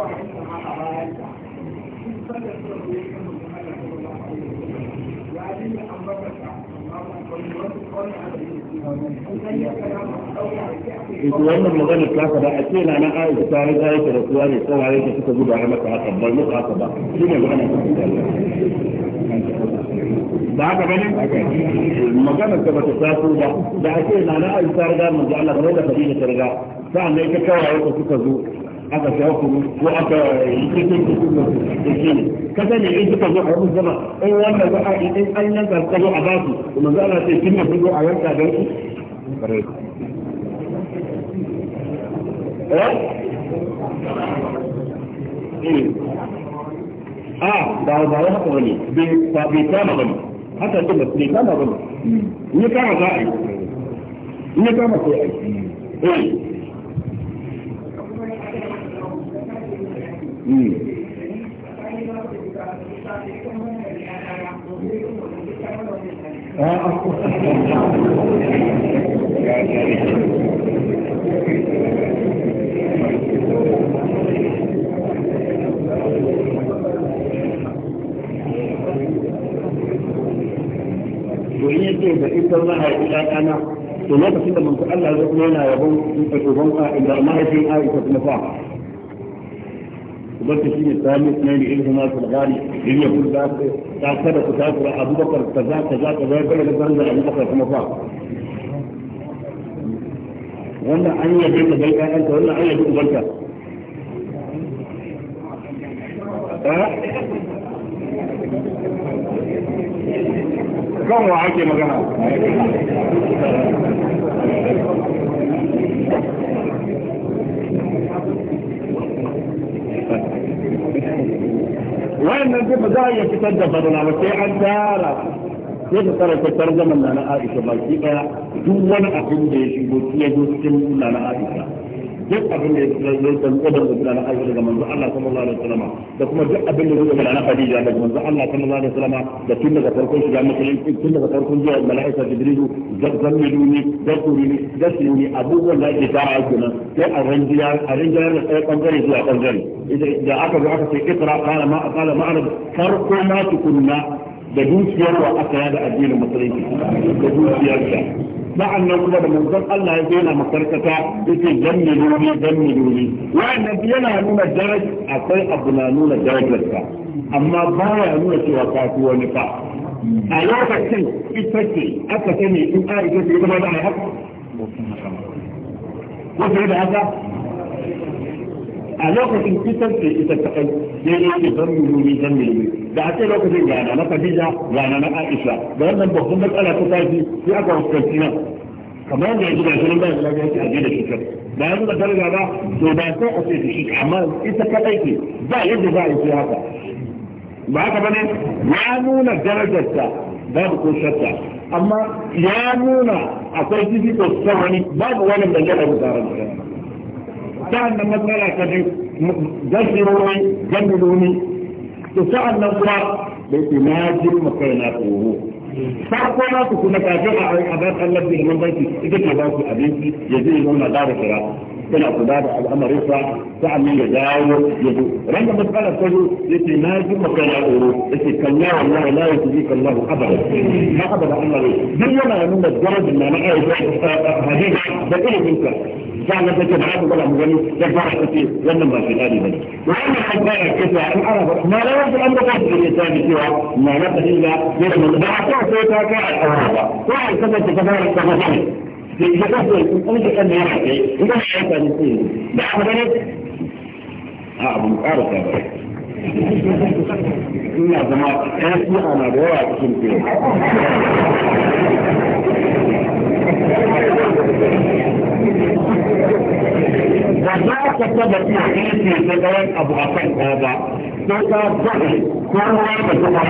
Ita wannan magana ta ka ba a ce na ta riga yake da kuwa ne tsawaye da suka guda maka haka bai muka haka ba shi ne magana ta kuka ba haka bane magana ta bata ba da a ce na ta riga manzo Allah kamar da Khadija ta riga sa'an ne ta kawaye suka zo aka saya kuma ko aka yi cikin kuma da shi kasa ne in suka zo a yau zama in wannan za a in an yanka ka zo a basu kuma za a ce kin na fito a yanka don su a ba ba ya haka bane bai kama bane haka ce ba bai kama bane ni kama za a yi ni kama sai a yi da ita mahaifin ana to lokacin da manzo Allah ya zo yana yabon uban da mahaifin Aisha kuma fa ubarka shi ne samun nani in kuma su gani in ya fi ta kada ku takura abubakar ta za ta za ta zai bane da zanzan abubakar kuma fa an yi yadda bai kayan ta an yi ubarka eh? kan wa ake magana wannan duk ba za a iya fitar da fadala ba sai an tara sai ka tsara tattar zaman na na Aisha baki daya duk wani abin da ya shigo ya zo cikin na na Aisha duk abin da ya zo kan kodar da na na Aisha daga manzo Allah sallallahu alaihi wasallam da kuma duk abin da ya daga na Khadija daga manzo Allah sallallahu alaihi wasallam da tun daga farkon shiga musulunci tun daga farkon zuwa mala'ika Jibrilu da dakuruni dasuni abubuwan da ke tara kenan sai a ranjiya a ranjiyar da bangare zuwa bangare إذا جاءك جاءك في إقرأ قال ما قال ما أعرف فرق ما تكون دوسيا وأكل هذا الدين المصري دوسيا مع أنه كبير من ذلك الله يزينا مصرقة يتي جنبوني جنبوني وأن بينا نون الدرج أقول أبنا نون الدرج لك أما بايا نون الشوكات ونفاق ألاك أيوة السن إتفكي أكا سني إن آي جزي إذا ما دعي أكا وفي هذا علاقة الكتب في كتب تقيد يريد ذنبه من ذنبه بعثي لو كتب لعنى نفديدة لعنى نعائشة بأن البحثون بس على كتابي في أقوى السلسلة كمان يجب أن يكون الله لا يجب أن يجب الكتب بأن البحثون بس على كتابي في أقوى السلسلة كمان يجب أن يكون الله لا يجب أن يكون بعد ما يعمون الدرجة باب كل شتى أما يعمون أصيبه كالصواني باب ولم يجب أن يكون الكتب كان من لا يكذب جذروني جذروني تسعد نفسها بإتماد مكيناته فأقول لك كنا كاجوها أي أبات الله في من بيتي إذا كباك أبيتي يزيد لنا دار كرا كنا أقداد على أمر إسراء فعن من يجاوه يجو رنجا مسألة تجو إتماد مكيناته إذا كان يا الله لا يتجيك الله أبدا ما أبدا أمره دنيا ما يمنى الجرد ما نعيش هذه بقية منك فعلا كنت معاكم طبعا مغني لكن فرح كتير لما ما في هذه البلد وانا حد ما يركز على ما لا يرجو ان تقعد في الانسان سوى ما لك الا يرمى بعثوا صوتها كاعد الارض واحد كما تتبارك كما في Thank you. ba za ka taba tsaye ta gaban abu a kan ɗaya ba ko ka zaɓe ko ruwa da kuma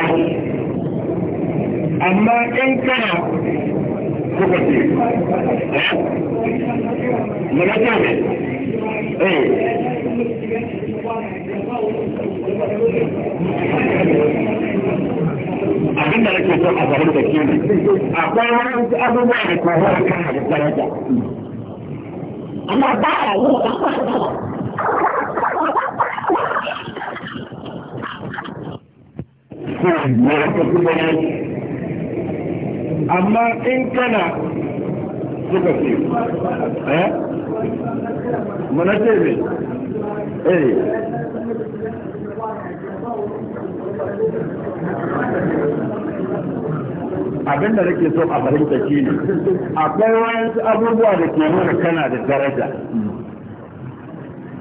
amma in kana kuka ce mana ce ne eh abin da nake so a zaɓe da ke ne akwai wani abubuwa da kuma wani kan da daraja amma ba a yi da amma in kana suka ce eh mana ce ne eh abin da nake so a fahimta shi ne akwai wayansu abubuwa da ke nuna kana da daraja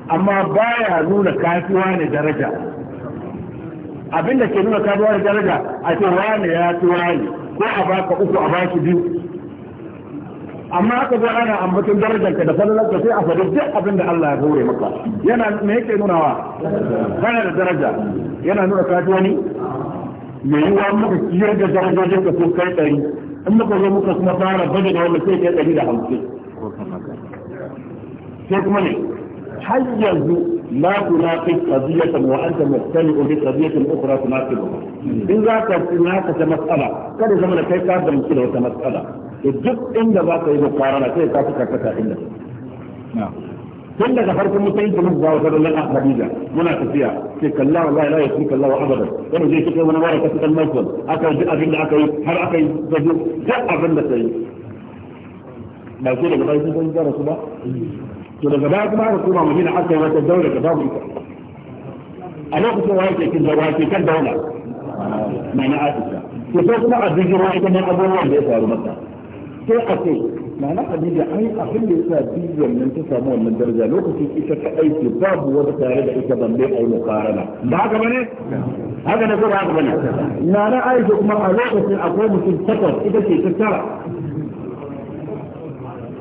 amma baya nuna kafiwa ne daraja abin da ke nuna kafiwa ne daraja a ce wane ya fi wane ko a baka uku a baki biyu amma aka zo ana darajar darajarka da falalarka sai a faɗi duk abin da Allah ya hore maka yana me yake nunawa kana da daraja yana nuna kafiwa ne mai yiwa muka ciyar da darajojin ka sun kai ɗari in muka zo muka kuma fara bada da wanda sai kai ɗari da hamsin sai kuma ne har yanzu la tunafi qadiyatan wa anta mubtali'un bi qadiyatin ukhra tunafibuha in za ka tunaka ta mas'ala kada zama da kai ka banki da wata mas'ala duk inda za ka yi mukarana sai ka fi karkata inda na'am tun daga farkon musulunci mun ga wata dalilan Khadija muna tafiya ce kallah wallahi la yusri kallah abada wanda zai fito mana wara kasu kan Michael aka ji abin da aka yi har aka yi zabi duk abin da sai ba ke daga bayan sun gara su ba to daga baya kuma aka koma Madina aka yi wata daura da babu ita a lokacin waye ke kin daura ke kan daura mana Aisha to sai kuma a bijiro ita ne abubuwan da ya faru maka sai a ce ma'ana Khadija ai abin da yasa bidiyon nan ta samu wannan daraja lokacin ita ta aiki babu wata tare da ita balle ai mukarana ba haka bane haka ne ko ba haka bane na na aisha kuma a lokacin akwai mutum takwas ita ce ta tara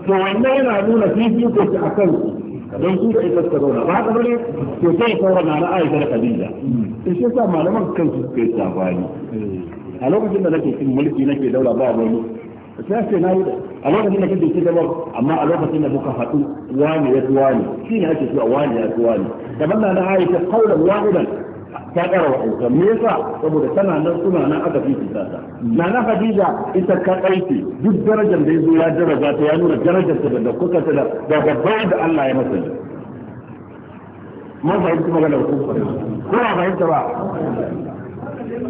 to wannan yana nuna fifiko shi a kansu don su da ita suka zauna ba haka bane to sai saura na na aisha da Khadija to shi yasa malaman kansu suka yi sabani a lokacin da nake cin mulki nake daula ba wani sai ce na yi a lokacin da kake ci gaban amma a lokacin da muka haɗu wani ya wani shi ne ake cewa wani ya wani daban na aisha kaulan wahidan ta ƙara wa'auta me yasa saboda tana nan suna nan aka fi fita ta na na hadiza ita ka ƙarfi duk darajar da ya zo ya daraja ta ya nuna darajar ta da daukakar ta da babbar da Allah ya masa mun fahimci maganar ku ko ba fahimta ba to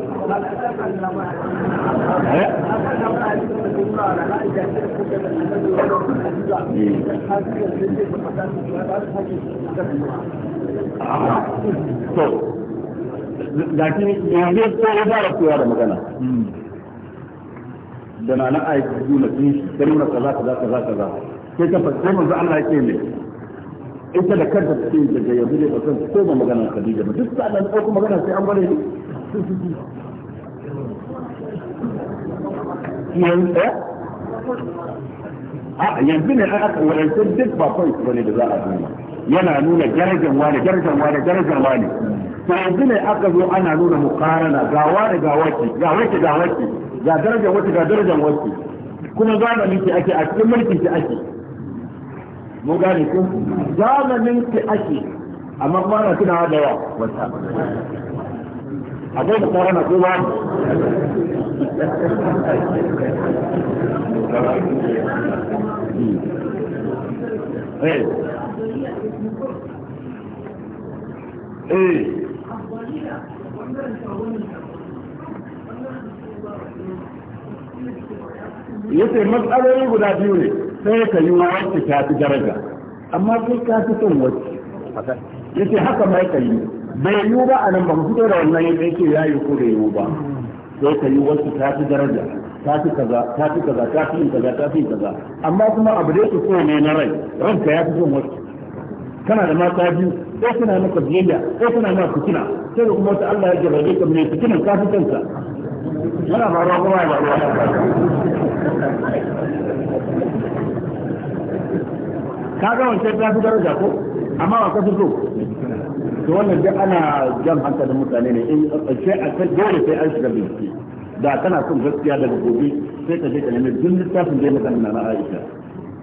lakin yanzu da magana da na na aiki na sun shi nuna kaza kaza kaza kaza fasai manzo Allah ne ita da kanta take magana ba duk sa'an da ko magana sai an bare ni yanzu ne an aka wadance duk ba kawai su ne da za a nuna yana nuna darajar wani darajar wani darajar wani to yanzu ne aka zo ana nuna mukarana ga wani ga wace ga wace ga wace ga darajar wace ga darajar wace kuma zamani ke ake a cikin mulki ki ake mu gane ku zamanin ke ake amma kuma ana tunawa da yawa akwai da korona ko ba eh eh yace matsaloli guda biyu ne sai ka yi wa wacce ta fi daraja amma sai ka fi son wacce yace haka mai ka yi bayanu yiwu ba a nan ba fito da wannan yadda yake ya yi ko da yiwu ba sai ka yi wasu ta fi daraja ta fi kaza ta fi kaza ta fi kaza ta fi kaza amma kuma abu da yake so ne na rai ranka ya fi son wasu kana da mata biyu ko suna maka biyayya ko suna maka fitina sai da kuma wata Allah ya jarrabe ka mai fitina ka fi kanka yana faruwa kuma ya faruwa ka ga wancan ta fi daraja ko amma ba ka fi so to wannan duk ana jan hankalin mutane ne in sai a kai dole sai an shiga bincike da kana son gaskiya daga gobe sai ka je ka nemi duk littafin da magana na Aisha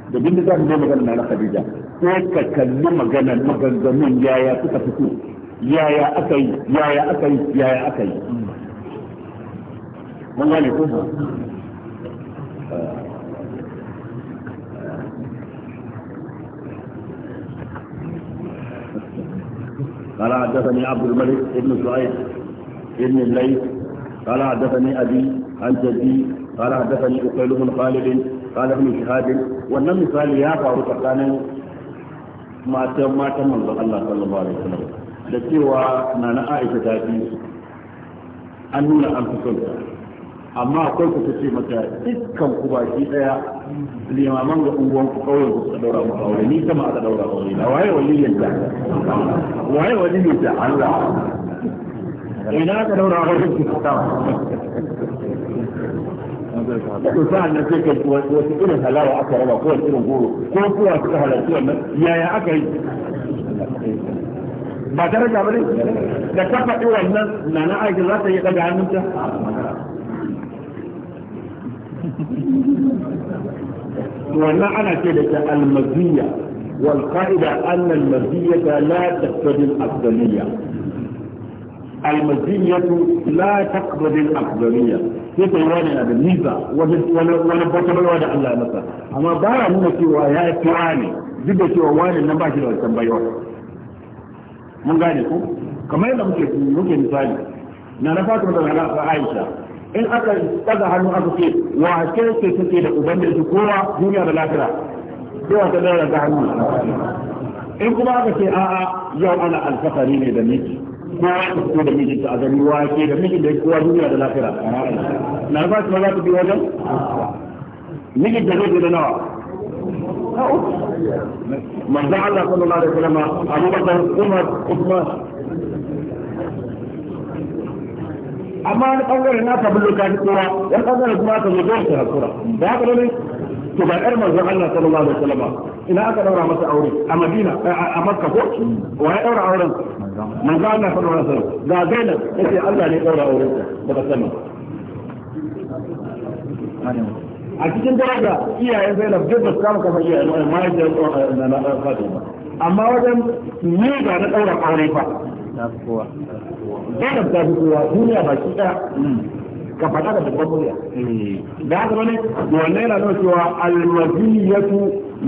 da duk littafin da magana na Khadija ko ka kalli maganar maganganun yaya suka fito yaya aka yi yaya aka yi yaya aka yi mun gane ko قال حدثني عبد الملك بن سعيد بن الليث قال حدثني أبي عن جدي قال حدثني أقيل بن خالد قال ابن شهاب wannan misali ya faru tsakanin matan matan manzon Allah sallallahu alaihi wasallam da cewa nana Aisha ta fi an nuna an fi sonta amma akwai ku ce mata baki limaman da unguwan ku kauyen ku suka daura muku aure ni kama aka daura aure na waye waliyin ta waye waliyin ta Allah ina aka daura aure ku ta to sa'an nan sai kai wasu irin halawa aka raba ko irin goro ko kuwa suka halarci wannan yaya aka yi ba daraja ba ne da ka faɗi wannan na na aiki za ta yi daga hannunta wannan ana ce da ta almaziyya wal qa'ida anna almaziyya la taqtadi al-afdaliyya la taqtadi afdaliyya sai wani da niza wani wani bakabarwa da Allah masa amma ba ya nuna cewa ya fi duk da cewa wani nan ba shi da wancan mun gane ko kamar yadda muke muke misali na na fatima da na Aisha in aka daga hannu aka ce wa ke ke kake da ubangiji kowa duniya da lafiya kowa ta dara da hannu in kuma aka ce a'a yau ana alfahari ne da miki kowa ta fito da mijin ta a gani wa ke da mijin da kowa duniya da lafiya na ba su ma za ku bi wajen mijin da zai da nawa manzo Allah sallallahu alaihi wasallam Abu Bakar Umar Uthman amma wani bangare na ka bullo ka ji kura wani bangare kuma ka zo don ka hakura da haka ne to ga yar manzon Allah sallallahu alaihi wasallam ina aka daura masa aure a Madina a Makka ko wa ya daura auren manzon Allah sallallahu alaihi wasallam ga Zainab yace Allah ne daura auren daga sama a cikin daraja iyayen Zainab duk da su kama kafa iyayen mahaifiyar Fatima amma wajen ne ga na daura aure fa zainab ta fi kowa duniya ba shi ɗaya ka faɗa da babban murya hmm. da haka bane wannan yana nuna cewa alwaziyatu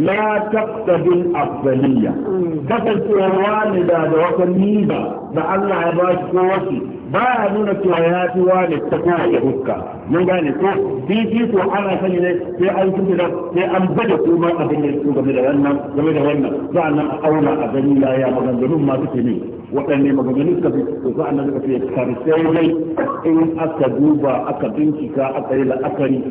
la taqtabi al-afdaliyya hmm. kasancewa wani da da wata niba da Allah ya ba shi ko wasu ba ya nuna cewa ya fi wani ta kowace huska mun gane ko fifi ko ana sani ne sai an kuma sai an bada kuma abin da su game da wannan game da wannan sa'annan a auna a gani la ya maganganun masu tuni waɗanne maganganu suka fi su annan suka fi karshe dai in aka duba aka bincika aka yi la'akari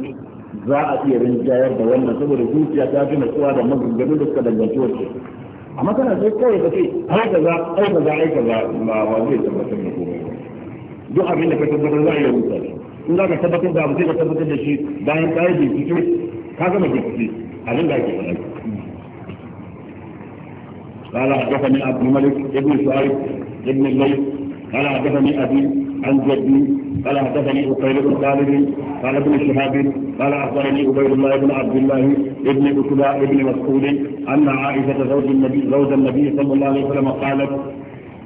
za a iya rinjayar da wannan saboda zuciya ta fi natsuwa da maganganu da suka danganci wacce amma kana sai kawai ka ce ai kaza ai kaza ai kaza ba ba zai tabbatar da komai duk abin da ka tabbatar za a iya rusa in za ka tabbatar da abu sai ka tabbatar da shi bayan ka yi bincike ka gama bincike abin da ake faɗa قال حدثني عبد الملك ابن شعيب ابن الليث قال حدثني ابي عن جدي قال حدثني أقيل بن خالد قال ابن شهاب قال أخبرني عبيد الله بن عبد الله ابن أسباء ابن مسعود أن عائشة زوج النبي زوج النبي صلى الله عليه وسلم قالت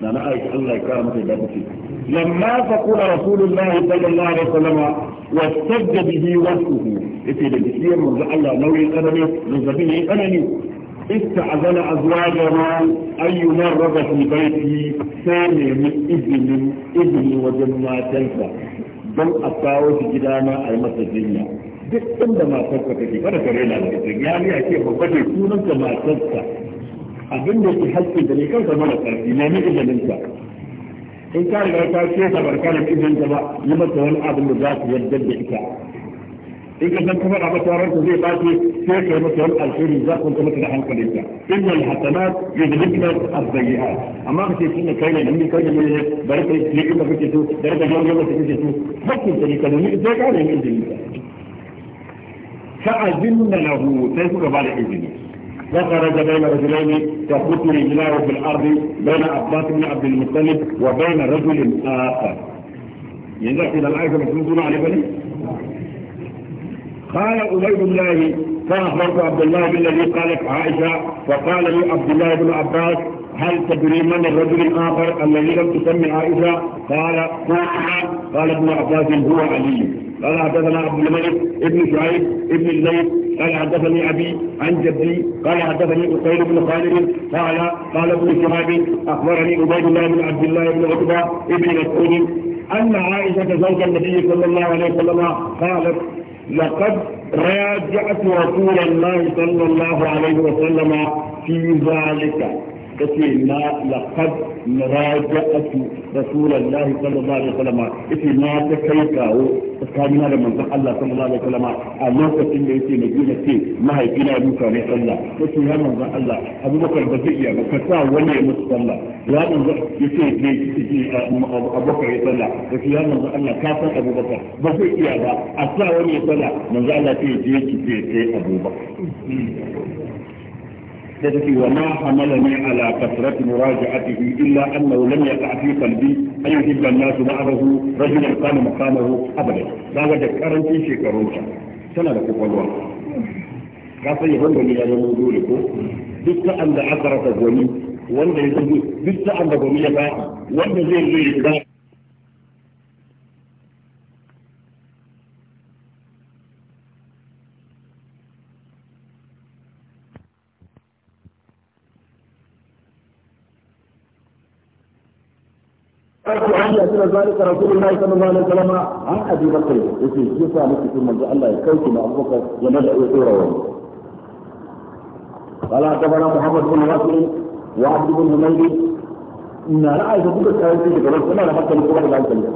لا عائشة الله يكرمك بابتي لما فقل رسول الله صلى الله عليه وسلم واشتد به وجهه إتي لبسير من الله نوي أنني من زبينه أنني استعذن أزواجنا أي مرض في بيتي ثاني من إذن يعني من إذن وجمع تلفا بل أطاوة جدانا أي مسجدنا بكتن دماء تلفا تجي فأنا كرينا لك يعني أكي أبقى يكون دماء تلفا أبن يكي حسن ذلك كما نتعرف إلا من إذن انت إن كان لك شيء سبر كان إذن تبا لما تهل أبن الزاق يدد إذا كان كما عبدت ورنت زي باتي كيف يمثل الحين إذا كنت مثل حين قليلتا إن الحسنات يدلقنا الضيئات أما قلت يسينا كينا نمي كينا من إليه بارك يسليك ما في جسو بارك يوم يوم في جسو بكي تريك لهم إذا كان يمين دلقنا فأذن له تيسوك بعد إذنه وخرج بين رجلين تخط رجلاه في الأرض بين أخبات بن عبد المطلب وبين رجل آخر ينزل إلى الآية المسلمون على بني قال عبيد الله فأخبرت عبد الله بالذي قالت عائشة فقال لي عبد الله بن عباس هل تدري من الرجل الآخر الذي لم تسمي عائشة قال قال قال ابن عباس هو علي قال حدثنا عبد الملك ابن شعيب ابن الزيت قال حدثني أبي عن جدي قال حدثني أسير بن خالد قال قال ابن شهاب أخبرني عبيد الله بن عبد الله بن عتبة ابن مسعود أن عائشة زوج النبي صلى الله عليه وسلم قالت لقد راجعت رسول الله صلى الله عليه وسلم في ذلك yace na laqad muraja'atu rasulullahi sallallahu alaihi wasallam yace na ta kai kawo tsakanina da manzon Allah sallallahu alaihi wasallam a lokacin da yake Madina ce mahaifina ya duka ne sallah yace ya manzon Allah Abubakar ba zai iya ba ka sa wani ya musu sallah ya manzon yace ne Abubakar ya sallah yace ya manzon Allah ka san Abubakar ba zai iya ba a sa wani ya sallah manzon Allah ce je ki ce sai Abubakar تجد وما حملني على كثرة مراجعته إلا أنه لم يقع في قلبي أن يحب الناس بعضه رجلا كان مقامه أبدا لا وجد كرم في شيء كرم سنة لك ka san yabon da ya zama dole ko duk sa'an da aka rasa gwani wanda ya zama duk sa'an da gwani ya faɗi wanda zai zai ya أرجو أن يأتينا ذلك رسول الله صلى الله عليه وسلم عن أبي بكر وفي جسا نفسه من الله يكوت مع أبو بكر وندع يطوره قال أعتبر محمد بن رسول وعبد بن هميد إن رأيت كل الشيء في جبل سنة لما كان يقول لك أنت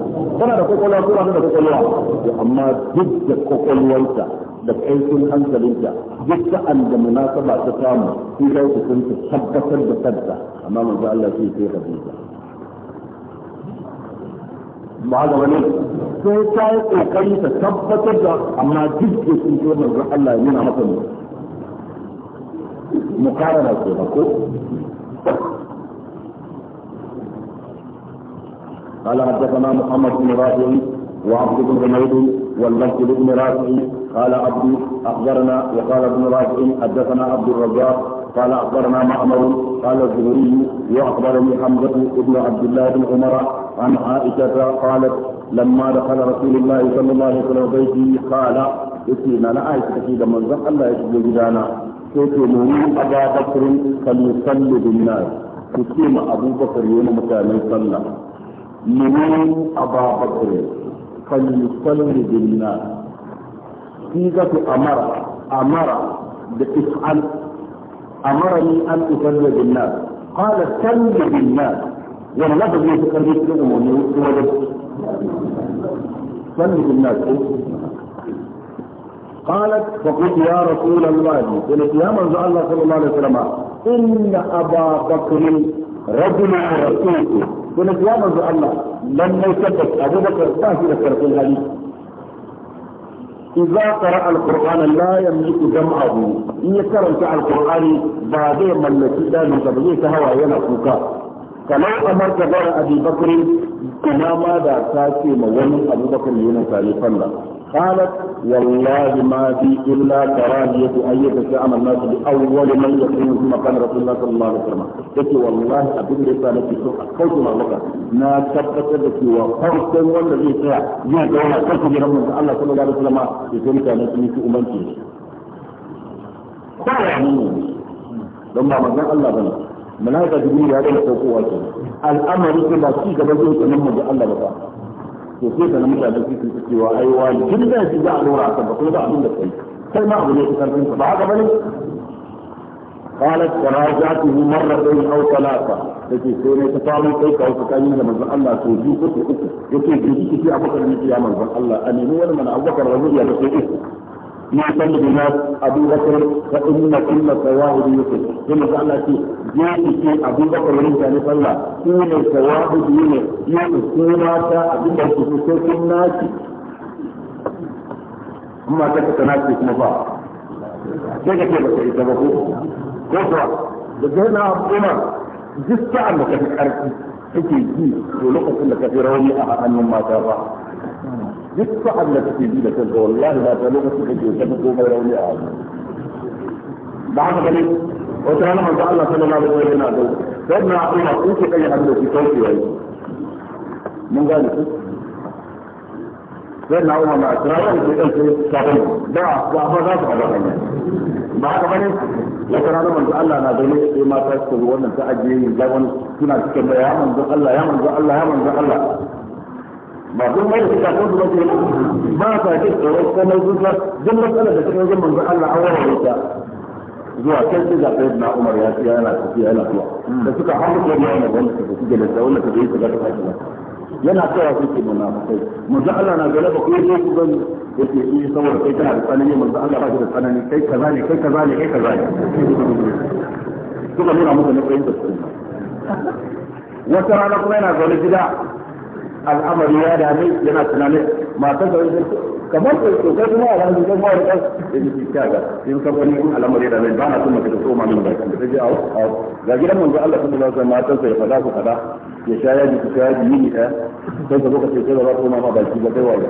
سنة لقد قلت لك أنت تقول لك أما جد كقول وانت da aikin hankalinta duk sa'an da munasaba ta samu sai za ku sun tabbatar da kanta amma ba haka bane sai ta yi kokari ta tabbatar da amma duk da sun ce manzon Allah ya masa ne mukarara ce ba ko قال حدثنا محمد بن رافع وعبد بن حميد واللفظ بن رافع قال عبد اخبرنا وقال ابن رافع حدثنا عبد الرزاق قال اخبرنا معمر قال الزهري واخبرني حمزه بن عبد الله بن عمر عن عائشة قالت لما دخل رسول الله صلى الله عليه وسلم بيتي قال يسيرنا أنا عائشة تشيد من زق الله يشبه جدانا يمين أبا بكر فليصلي بالناس تسيم أبو بكر يوم مكان يصلى يمين أبا بكر فليصلي بالناس كيف أمر أمر بإفعل أمرني أن أصلي بالناس قال صلي بالناس wani lafazi ya fi karfi cikin umarni قالت فقلت يا رسول الله قلت يا من الله صلى الله عليه وسلم إن أبا بكر رجل رسولك قلت يا من الله لم يثبت أبو بكر صاحب الكرب الحديث إذا قرأ القرآن لا يملك جمعه إن إيه قرأت القرآن بعد من نسيدان من تبليس هوى ينفوكا kama Umar da bar Abi Bakr kuma ma da sake ma wani Abu Bakr yana tare fanda qalat wallahi ma bi illa karaniyatu ayyaka ta amal ma bi awwal man yaqul kuma kan rasulullah sallallahu alaihi wasallam yake wallahi abin da yasa nake so a kauce ma maka na tabbatar da cewa farkon wanda zai tsaya ya ga wannan farkon da Allah sallallahu alaihi wasallam ya ce mutane sun yi umarci ya ne don ba manzon Allah bane malaka jibril ya gama saukowa ke al'amari ko ba ci gaba zai tsanin mu da Allah ba to sai ka namta da su su cewa ai wa jirgin shi za a dora ka ba ko da abin da kai sai ma abu ne ka san ba haka bane قالت تراجعته مرتين او ثلاثه yake sai ne ta samu kai ka wasu kan yin manzon Allah to biyu ko uku yake biyu kike a bakar ne ya manzon Allah a nemi wani mana abubakar rabu ya ta uku ni san da na Abu Bakar fa inna kullu sawahid yusuf sai manzon Allah ce ya ishe abin da kuma rinka ne sallah ku ne sawabu ku ne ya ishe mata abin da ku so kun naci amma ta ka naci kuma ba sai ka ce ba sai ta ba ko ko kuwa da zai na umar duk sa'an da ka fi ƙarfi kake ji to lokacin da ka fi rauni a hannun mata ba duk sa'an da kake ji da kanka wallahi ba ta lokacin da ke ta fi komai rauni a hannun ba haka ne wata rana manzo Allah sallallahu alaihi wasallam yana da sai na Umar in ke kai hannu ki sauki yayi mun gane ku sai na Umar na tsara da kan sai sabon da ba ba za su haɗa hanya ba haka bane wata rana manzo Allah na zaune sai mata su zo wannan ta ajiye yin da wani suna cikin da ya manzo Allah ya manzo Allah ya manzo Allah ba kun mai da kafin su ba ba ta ce tsoron komai zuwa duk matsalar da take wajen manzo Allah an warware ta zuwa kai sai ga sai na Umar ya tsaya yana tafiya yana zuwa da suka hannu ko ne wannan wanda suka kuje da wannan da yake da kai yana tsaya su ke nuna mutai manzo Allah na gaba ko ne ku ban yake yi saboda kai kana da tsanani manzo Allah ba shi da tsanani kai kaza ne kai kaza ne kai kaza ne suka nuna muku ne kai da tsanani wata rana kuma yana zaune gida الامر يا لا مي لما تنامي ما تنسى كمان تنسى كمان تنسى كمان تنسى كمان تنسى الامر يا لا مي بانا ثم تنسى ما من بيك رجع او او لكن من جاء الله سبحانه وتعالى ما تنسى فلا فلا يشايا دي تشايا دي مين اه تنسى بوك تنسى لا تنسى ما بيك تنسى بيك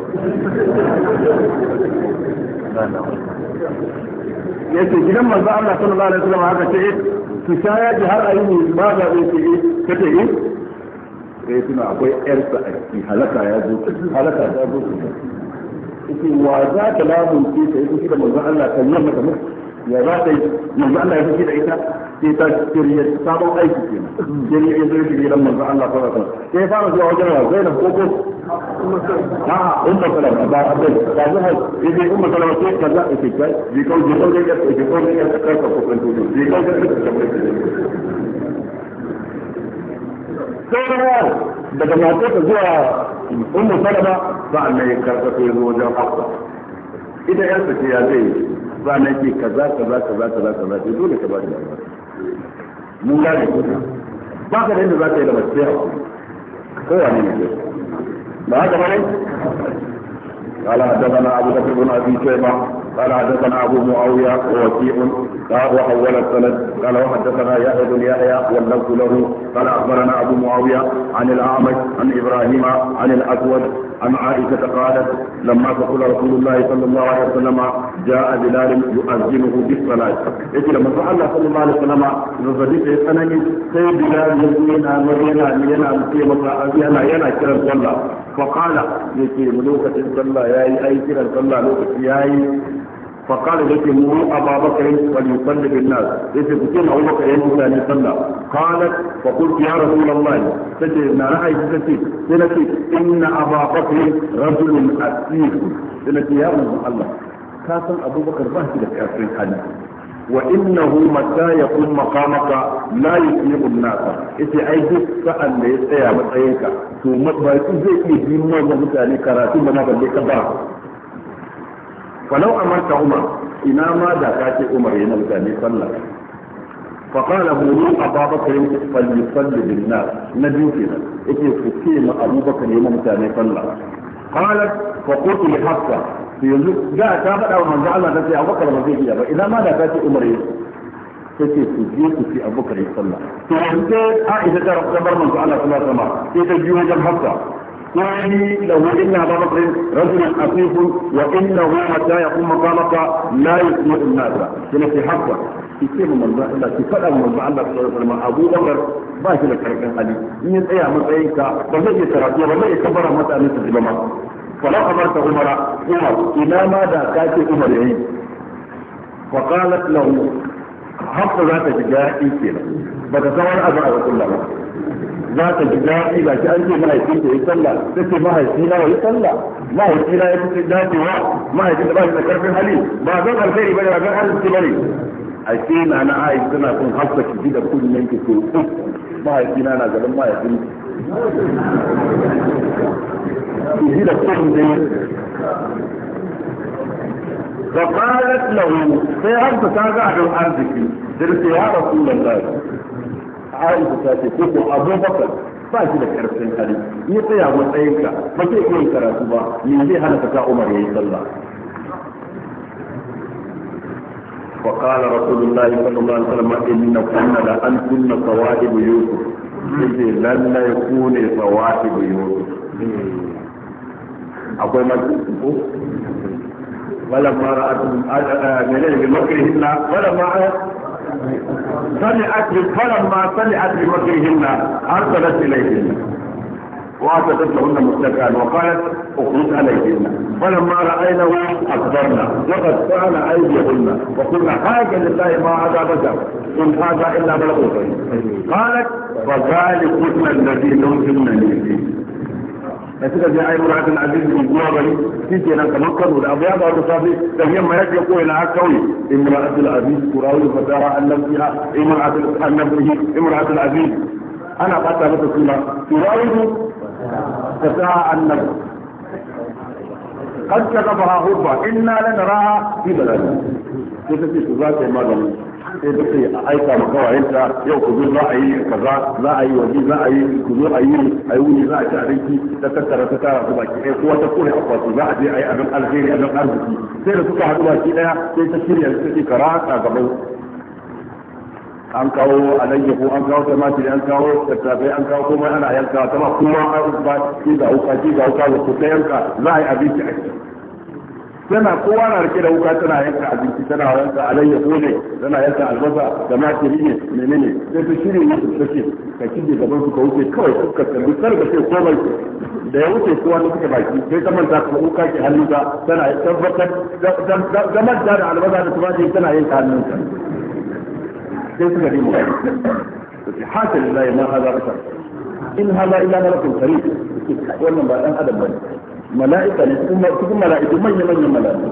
تنسى yace gidan manzo Allah sallallahu alaihi wasallam haka ce ki shaya ji har ayi ba da ce ke ce sai tuna akwai yarsa a ciki halaka ya zo halaka ta zo yake wa za ka lamunce ta yi kusa da manzon Allah kan yamma da mutu ya za ta yi manzon Allah ya da ita sai ta shirya sabon aiki kenan sai ya zo shi gidan manzon Allah ta alaihi wasallam fara zuwa wajen wa Zainab ko ko a umma salama ba umma salama kai ka ka sauran yaro daga ta zuwa ummu salama sa'annan ya karɓa sai zo wajen hafsa ita yarsa ce ya zai sa'annan ke kaza kaza kaza kaza kaza ce dole ka ba da labari mun gane ba ka da yadda za ka yi da mace a kowane ne ba haka ba ne قال حدثنا ابو a b'i ابي ba. قال حدثنا ابو معاويه ووكيع قال وحول السند قال وحدثنا يحيى بن يحيى واللفظ له قال اخبرنا ابو معاويه عن الاعمش عن ابراهيم عن الاسود عن عائشه قالت لما قال رسول الله صلى الله عليه وسلم جاء بلال يؤذنه بالصلاه يجي لما صلى الله عليه وسلم نزلت الثاني سي بلال يزينا مرينا لينا ينا ينا كرا صلى فقال يجي ملوكه صلى يا اي كرا صلى لوكه يا فقال لك مو أبا بكر وليصلي بالناس يسي كتين أبو بكر يموت أن يصلى قالت فقلت يا رسول الله سجلنا رأي سجلتي سنتي إن أبا بكر رجل أسير سنتي يا رسول الله كاسم أبو بكر ما هي لك أسير حديث وإنه متى يقوم مقامك لا يطيق الناس إذا أي جزء سأل لي سيا مطيئك ثم ما يكون زي إيه بما متعني كراتي منا بلي كبار فلو أمرت عمر ماذا ذاكات عمر هنا بثاني صلى فقال هولو أبا بكر فليصلي بالناس نبيو فينا إتي فكيم أبو بكر يوم بثاني صلى قالت فقلت لحفظة في يزوك جاء كابت أو من جعلنا ذاتي أبو بكر ما فيه إياه إذا ماذا ذاكات عمر هنا Sake sujjiyarsu fi abokan Isallah. To, sai a isa jarar ɗabar mantu ana sallar sama, sai ta biyu wajen قال لو إن أبا بكر رجل وان وإنه حتى يقوم مقامك لا يسمع الناس في نفس حقه كيف من ذا الله كيف من ذا الله صلى الله أبو بكر ما في لك حركه هذه من أي مطعيك ولا يترك ولا يكبر متى مثل بما فلا أمرت عمر عمر إلى ماذا تأتي عمر فقالت له حق ذات جدائي كيلا فتصور أبا وكل ما ذات جدائي لا شأنك ما يسيك يتلا تسي ما يسينا ويتلا ما يسينا يسيك ذاتي وا ما يسينا ما يسينا كرف الحليل ما ذات الخير بني ما ذات الحليل أسينا أنا آي سنة كون حصة كبيرة كل منك كون ما يسينا أنا ذلك ما يسينا كبيرة كل منك فقالت له في عرض تازع عن أرضك dirce ya rasu lallai aisha ta ce ko abubakar ba shi da karfin hali ya tsaya matsayinka ba zai iya karatu ba me zai hana ka umar ya yi sallah وقال رسول الله صلى الله عليه وسلم إن كنا لأنتن صواحب يوسف يجي لن يكون صواحب يوسف أقول ما ولما رأت من مكرهن ولما سمعت فلما سمعت بمكرهن ارسلت اليهن وأعطت لهن متكئا وقالت اخرج عليهن فلما رأينه أكبرنا وقد فعل أيديهن وقلنا حاجة لله ما هذا بشر إن هذا إلا بلغوه قالت فذلكن الذي لوزن لي da suka je ai muradin aziz bin kuma bari shi kenan kamar kano da abu ya faru safi da yamma ya ce ko ina kauye imratul aziz turawi fadara annam fiha imratul annam fihi imratul aziz ana fata mata suna turawi fasaha annam قد شغفها هبة إنا لنراها في بلدنا. كيف تقول ذات ما sai ta ce a aika ma kawayenta yau ku zo za a yi kaza za a yi waje za a yi ku zo a yi a yi wuni za a ci abinci ta tattara ta tara su baki ɗaya kowa ta kone akwati za a je a yi abin alheri abin arziki sai da suka haɗu baki ɗaya sai ta shirya ta ce kara ta gaban an kawo alayyahu an kawo tamati an kawo tattafai an kawo komai ana yanka kuma ba kuma an ba shi da wuka shi da wuka da ku ta yanka za a yi abinci a ciki tana kowa na rike da wuka tana yanka abinci tana yanka ko ne tana yanka albasa da makiri ne menene sai su shirye ne su sake ka kije gaban su ka wuce kawai suka kalli kar sai ko komai da ya wuce kowa ta suka baki sai ta manta ka wuka ke hannunka tana tabbatar da manta da albasa da tumatir tana yanka hannunka sai suka nemo sai hasa lillahi ma hada bashar in hada illa malakul karim wannan ba dan adam bane mala'ika ne cikin mala'iku manya-manyan mala'iku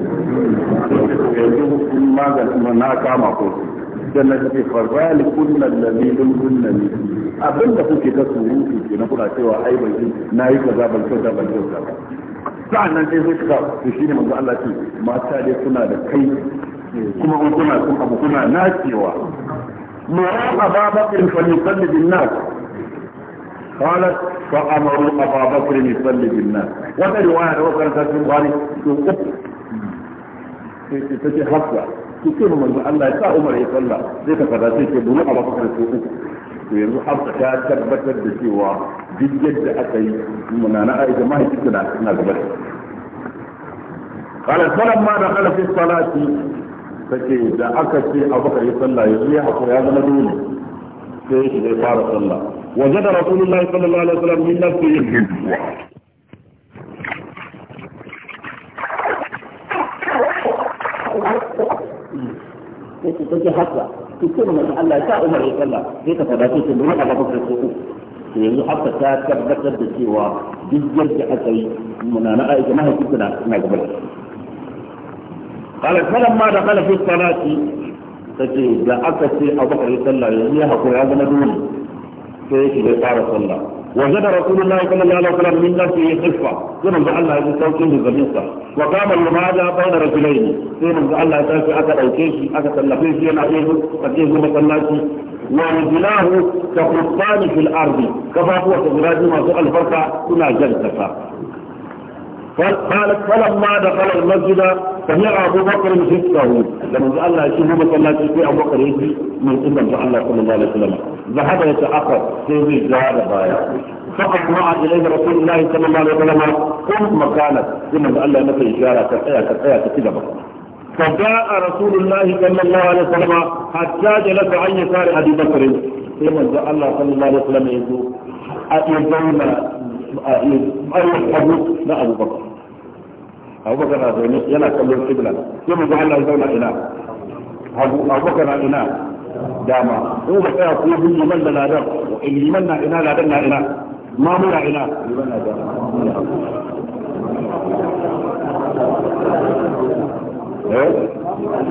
yanzu kun magana na kama ko dan na ce farali kullal ladhi dun kullal abinda kuke ta surutu ke na kuna cewa ai ban yi nayi kaza ban kyauta ban kyauta ba sa'annan sai sai ka to shine manzo Allah ce mata dai kuna da kai kuma kuna kun abu kuna cewa. mara ababa in fa yusallu bin nas قالت فأمروا أبا بكر يصلي بالناس وده رواية هو كانت في مغاني شو قط تتي حفظة تتيما من أن الله يسأل عمر يصلى ذيك فتاتي كبولا أبا بكر شو قط ويرو حفظة كاتر بكر بسيوا بجد أتي أنا أعيد ما هي تتنا سنة قبل قال فلما ما دخل في الصلاة فكي إذا أكد في ابو بكر يصلى يصلى يصلى يصلى يصلى يصلى يصلى sai shi zai fara sallah da rasulullahi sallallahu alaihi wasallam min nafsihi sai kake haka to ce mun Allah ya Umar ya sallah sai ka fada ce mun aka ba ku to yanzu haka ta tabbatar da cewa duk yadda aka yi muna na aiki mahaifinta na gaba da قال فلما دخل في الصلاة take da aka ce abu bakar sallah yanzu ya haƙura ya zama dole sai ya shiga fara sallah وجد رسول الله صلى الله عليه وسلم من نفسه خفه ثم الله يجي توكين بزمينسا وقام لماذا بين رجلين ثم الله يتاسي اكا اوكيشي اكا تلقيشي انا ايه فكيه مسلاتي ورجلاه كخطان في الارض كفاقوة تجراجي ما سؤال فرقا كنا جلسة قالت فلما دخل المسجد سمع ابو بكر حسه لما الله يشوف مثلا في ابو بكر يجي من قبل الله صلى الله عليه وسلم ذهب يتعقب في جهاد بايع فقد مع اليه رسول الله صلى الله عليه وسلم قم مكانك ثم الله متى اشاره كالحياه كالحياه كذا فجاء رسول الله صلى الله عليه وسلم حتى جلس عن يسار ابي بكر ثم الله صلى الله عليه وسلم يقول أتدونا ayyar abu na abubakar abubakar na zaune yana kallon kibla sai mu Allah ya zauna ina abubakar na ina dama ko ba tsaya ko bin liman da ladan liman na ina ladan na ina mamu na ina liman na dama eh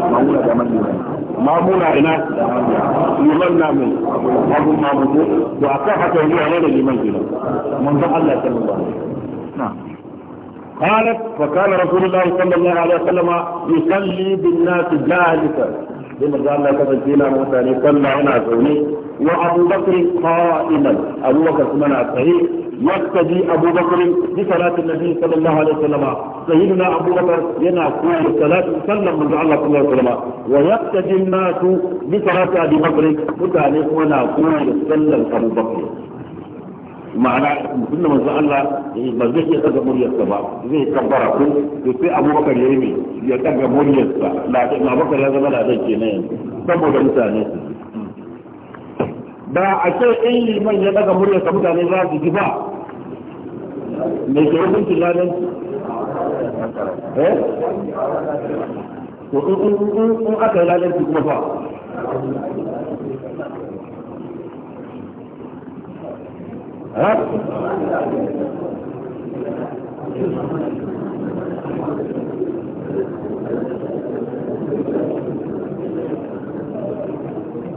mamu na dama liman mamuna ina liman na mai abun mamudu to a kan haka yanzu da liman gina Allah sallallahu alaihi قالت فكان رسول الله صلى الله عليه وسلم يصلي بالناس جالسا لما قال الله تبجينا موسى صلى هنا زوني وابو بكر قائما ابو بكر سمنا صحيح يقتدي ابو بكر بصلاه النبي صلى الله عليه وسلم سيدنا ابو بكر ينادي صلاه سلم من الله صلى الله عليه ويقتدي الناس بصلاه ابي بكر وتعليق ولا كوي سلم ابو بكر معنى كنا من سأل الله مزيح يتجا مولي السبا زي كبركم يسي أبو بكر يريمي يتجا مولي السبا لا أبو بكر هذا ما لا ذي كنين سبو دمتاني da a ce in liman ya daga murya muryarsa mutane za su ji ba mai ke hukuncin ladan eh ko in aka yi su kuma fa ha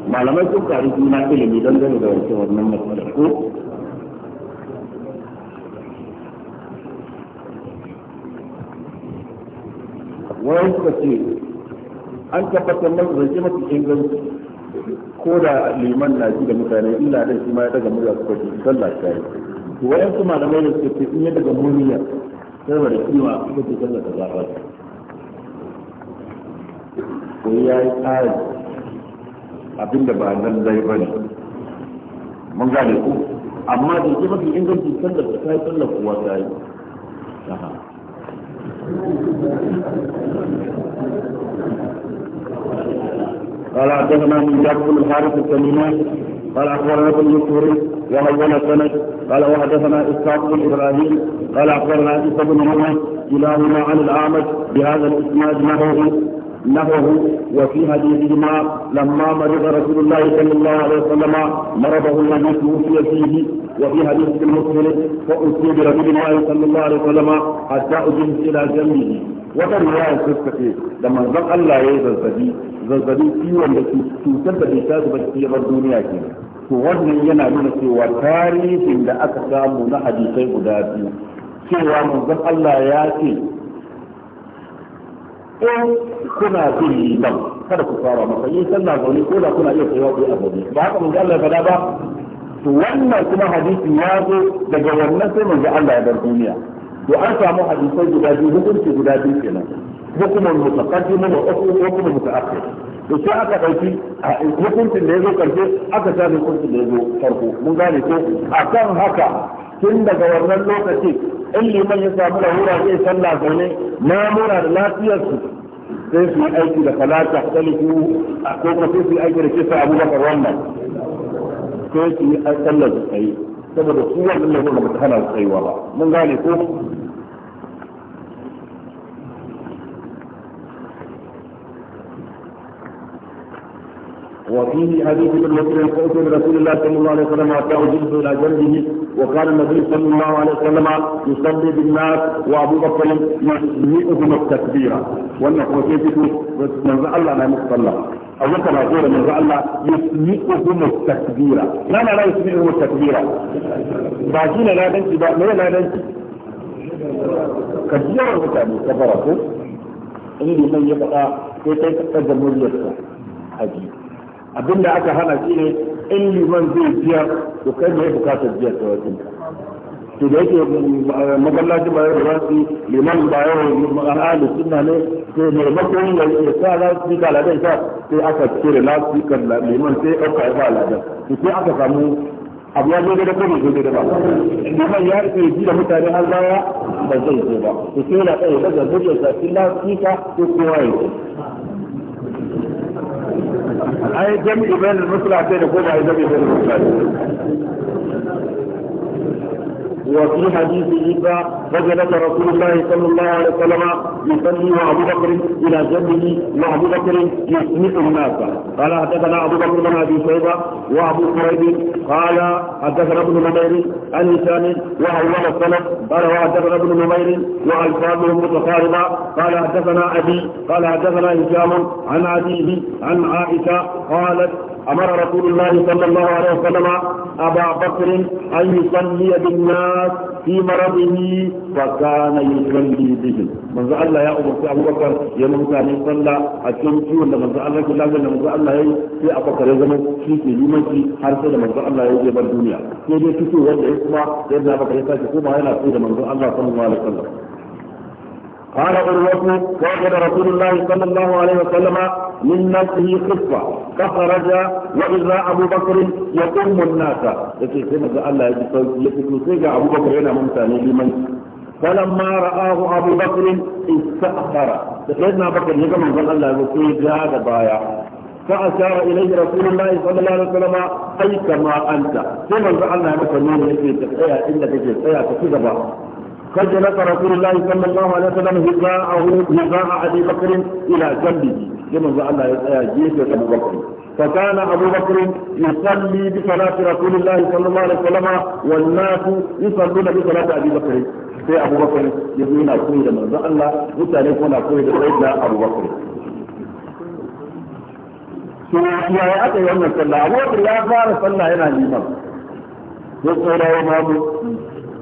malamai sun karu juna ilimi don gani da wancan wannan matsalar ko wani suka ce an tabbatar nan zance mafi inganci ko da liman na ji da mutane ina da shi ma ya daga murya suka ce sallah lafiya yi to wayan su malamai da suka ce in ya daga murya sai ba da kima suka ce sallah ta ko ya yi tsari abinda ba lallai ba ne mun gane ku amma da ke mafi inganci sallar ta yi sallar kuwa ta yi قال حدثنا من جابر بن الحارث التميمي قال اخبرنا ابن يسوري وهون سند قال وحدثنا اسحاق بن ابراهيم قال اخبرنا عيسى بن عمر كلاهما عن الاعمش بهذا الاسناد نحوه نهوه وفي حديثهما لما مرض رسول الله صلى الله عليه وسلم مرضه الذي توفي فيه وفي حديث المسلم فأتي برسول الله صلى الله عليه وسلم حتى أجلس إلى جنبه وكان لا يسكت لما زق الله يزلزلي زلزلي في يوم يسكت توسد بشاز بشيء بالدنيا كده to wannan yana nuna cewa tarihin da aka samu na hadisai guda biyu ko kuna bin liman kada ku fara masa yin sallah zaune ko da kuna iya tsayawa ku yi abu ba haka manzo Allah ya faɗa ba to wannan kuma hadisi ya zo daga wannan sai manzo Allah ya bar duniya to an samu hadisai guda biyu hukunci guda biyu kenan hukumar mutaqaddim wa hukumar mutaakhir to sai aka dauki hukuncin da ya zo karshe aka sami hukuncin da ya zo farko mun gane ko akan haka tun daga wannan lokaci in liman ya samu lahura zai sallah zaune na mura da lafiyarsu sai su yi aiki da falata tsalifu a kuma sai su yi aiki da kisa abu abubakar wannan sai su yi sallar su tsaye saboda su wannan lahura ba ta hana su tsayuwa ba mun gane ko وفي حديث ابن مسلم قلت لرسول الله صلى الله عليه وسلم اعطاه جلد الى جنبه وقال النبي صلى الله عليه وسلم يصلي بالناس وابو بكر يهيئهم التكبيره وانا لكم من الله لا مصلى ابو بكر يقول من الله يسمعهم التكبيره لا لا لا يسمعهم التكبيره بعدين لا ننسي بعدين لا ننسي كبيرة المتعبين كفرته إني من يبقى كيف تتجمل يسمع عجيب abinda aka hana shi ne in liman zai biya to kai mai bukatar biya ta wajen to da yake mm, magallaci ba yau za su liman ba yau mm, al'adu suna ne to maimakon ya yi sa za su yi kaladai sa sai aka cire lasu kan liman sai ɗauka ya ba ladan to sai aka samu abu ya zai da kuma zai da ba liman ya yi ji da mutane har baya ba zai zo ba to sai na tsaye daga zuciyarsa sun lasu ka ko kowa ya ai jami'i bayan musula na da ko ba ai jami'i bayan musula وفي حديث عيسى فجلس رسول الله صلى الله عليه وسلم يصلي وابو بكر الى جنبه وابو بكر يسمع الناس قال حدثنا ابو بكر بن ابي شيبه وابو قريب قال حدثنا ابن نمير عن هشام وهو السلف قال وحدثنا ابن نمير وألفاظه متقاربه قال حدثنا ابي قال حدثنا هشام عن ابيه عن عائشه قالت أمر رسول الله صلى الله عليه وسلم أبا بكر أن يصلي بالناس في مرضه فكان يصلي بهم من زعل الله يا أبو أبو بكر يا من كان يصلى أتمشي ولا من زعل الله الله ولا من زعل الله في أبو بكر يا زمن في يومك حرف من زعل الله يجي الدنيا يجي تشوف وجه اسمه سيدنا أبو بكر يسأل كوما هنا سيدنا من زعل الله صلى الله عليه وسلم قال عروة وجد رسول الله صلى الله عليه وسلم من نفسه خفة فخرج وإذا أبو بكر يقوم الناس لكي سيما الله يقول سيما أبو بكر هنا ممتعني لمن فلما رآه أبو بكر استأخر سيدنا بكر يقول من الله يقول هذا بايع فأشار إليه رسول الله صلى الله عليه وسلم أي كما أنت ثم جعلنا مثلا يقول إنك تكذب قد جلس رسول الله صلى الله عليه وسلم هزاءه هزاء ابي بكر الى جنبه لمن الله يجيب ابو بكر فكان ابو بكر يصلي بصلاه رسول الله صلى الله عليه وسلم والناس يصلون بصلاه ابي بكر sai abubakar ya zo yana koyi da manzo Allah mutane kuma na koyi da sayyidina abubakar to yaya aka yi wannan sallah abubakar ya fara sallah yana liman ya tsora ya mamu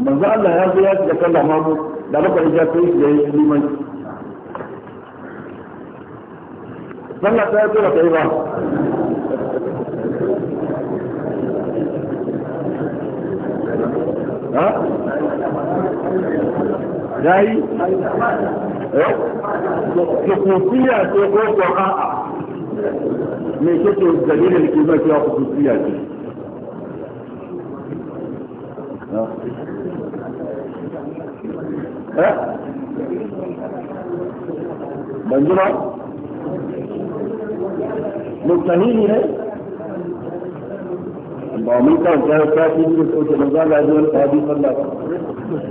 manzo Allah ya zo ya shiga sallah ma mu da baka ja sai shi yayi liman sallah ta zo da yi ba ha dai eh kusiya ce ko ko ko a'a me kake dalilin da ke zuwa kusiya ce ها منظومة مستهين إليه ba mun kan ta ta ci da ko da manzo Allah ya ta bi sallah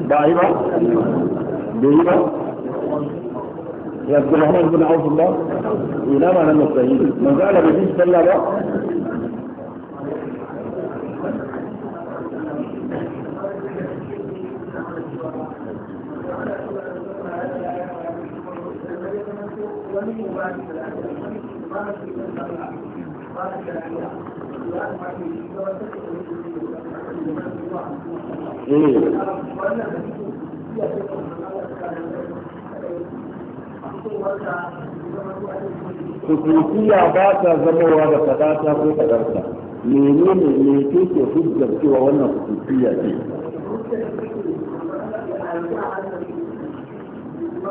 ba ai ba bai ba ya Abdul Rahman bin Auf Allah ina ma nan mutsayi manzo Allah bai sallah ba Kusurkiya ba ta zamowa da fadata ko kadarta, mene ne ne ke ke hujjar cewa wannan kusurkiya ce? in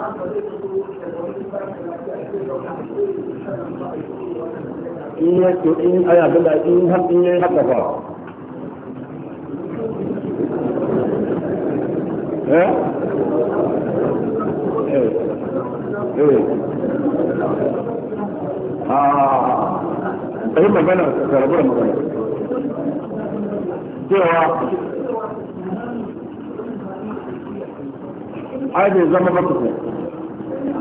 ya to in aya da in har in haka eh eh, eh. Ah. magana magana cewa ai bai zama ba tuku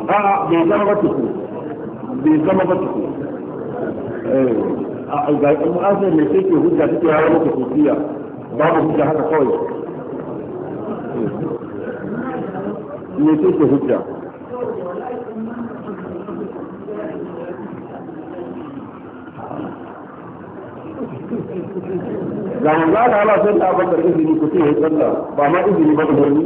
a'a bai zama ba tuku bai zama ba tuku eh, a ga mu'azir mai sai ke hujja suke yawo maka sofiya babu hujja haka kawai eh, mai sai ke hujja ga ala ala sai da abokan izini ku ce ya tsalla ba ma izini ba da ni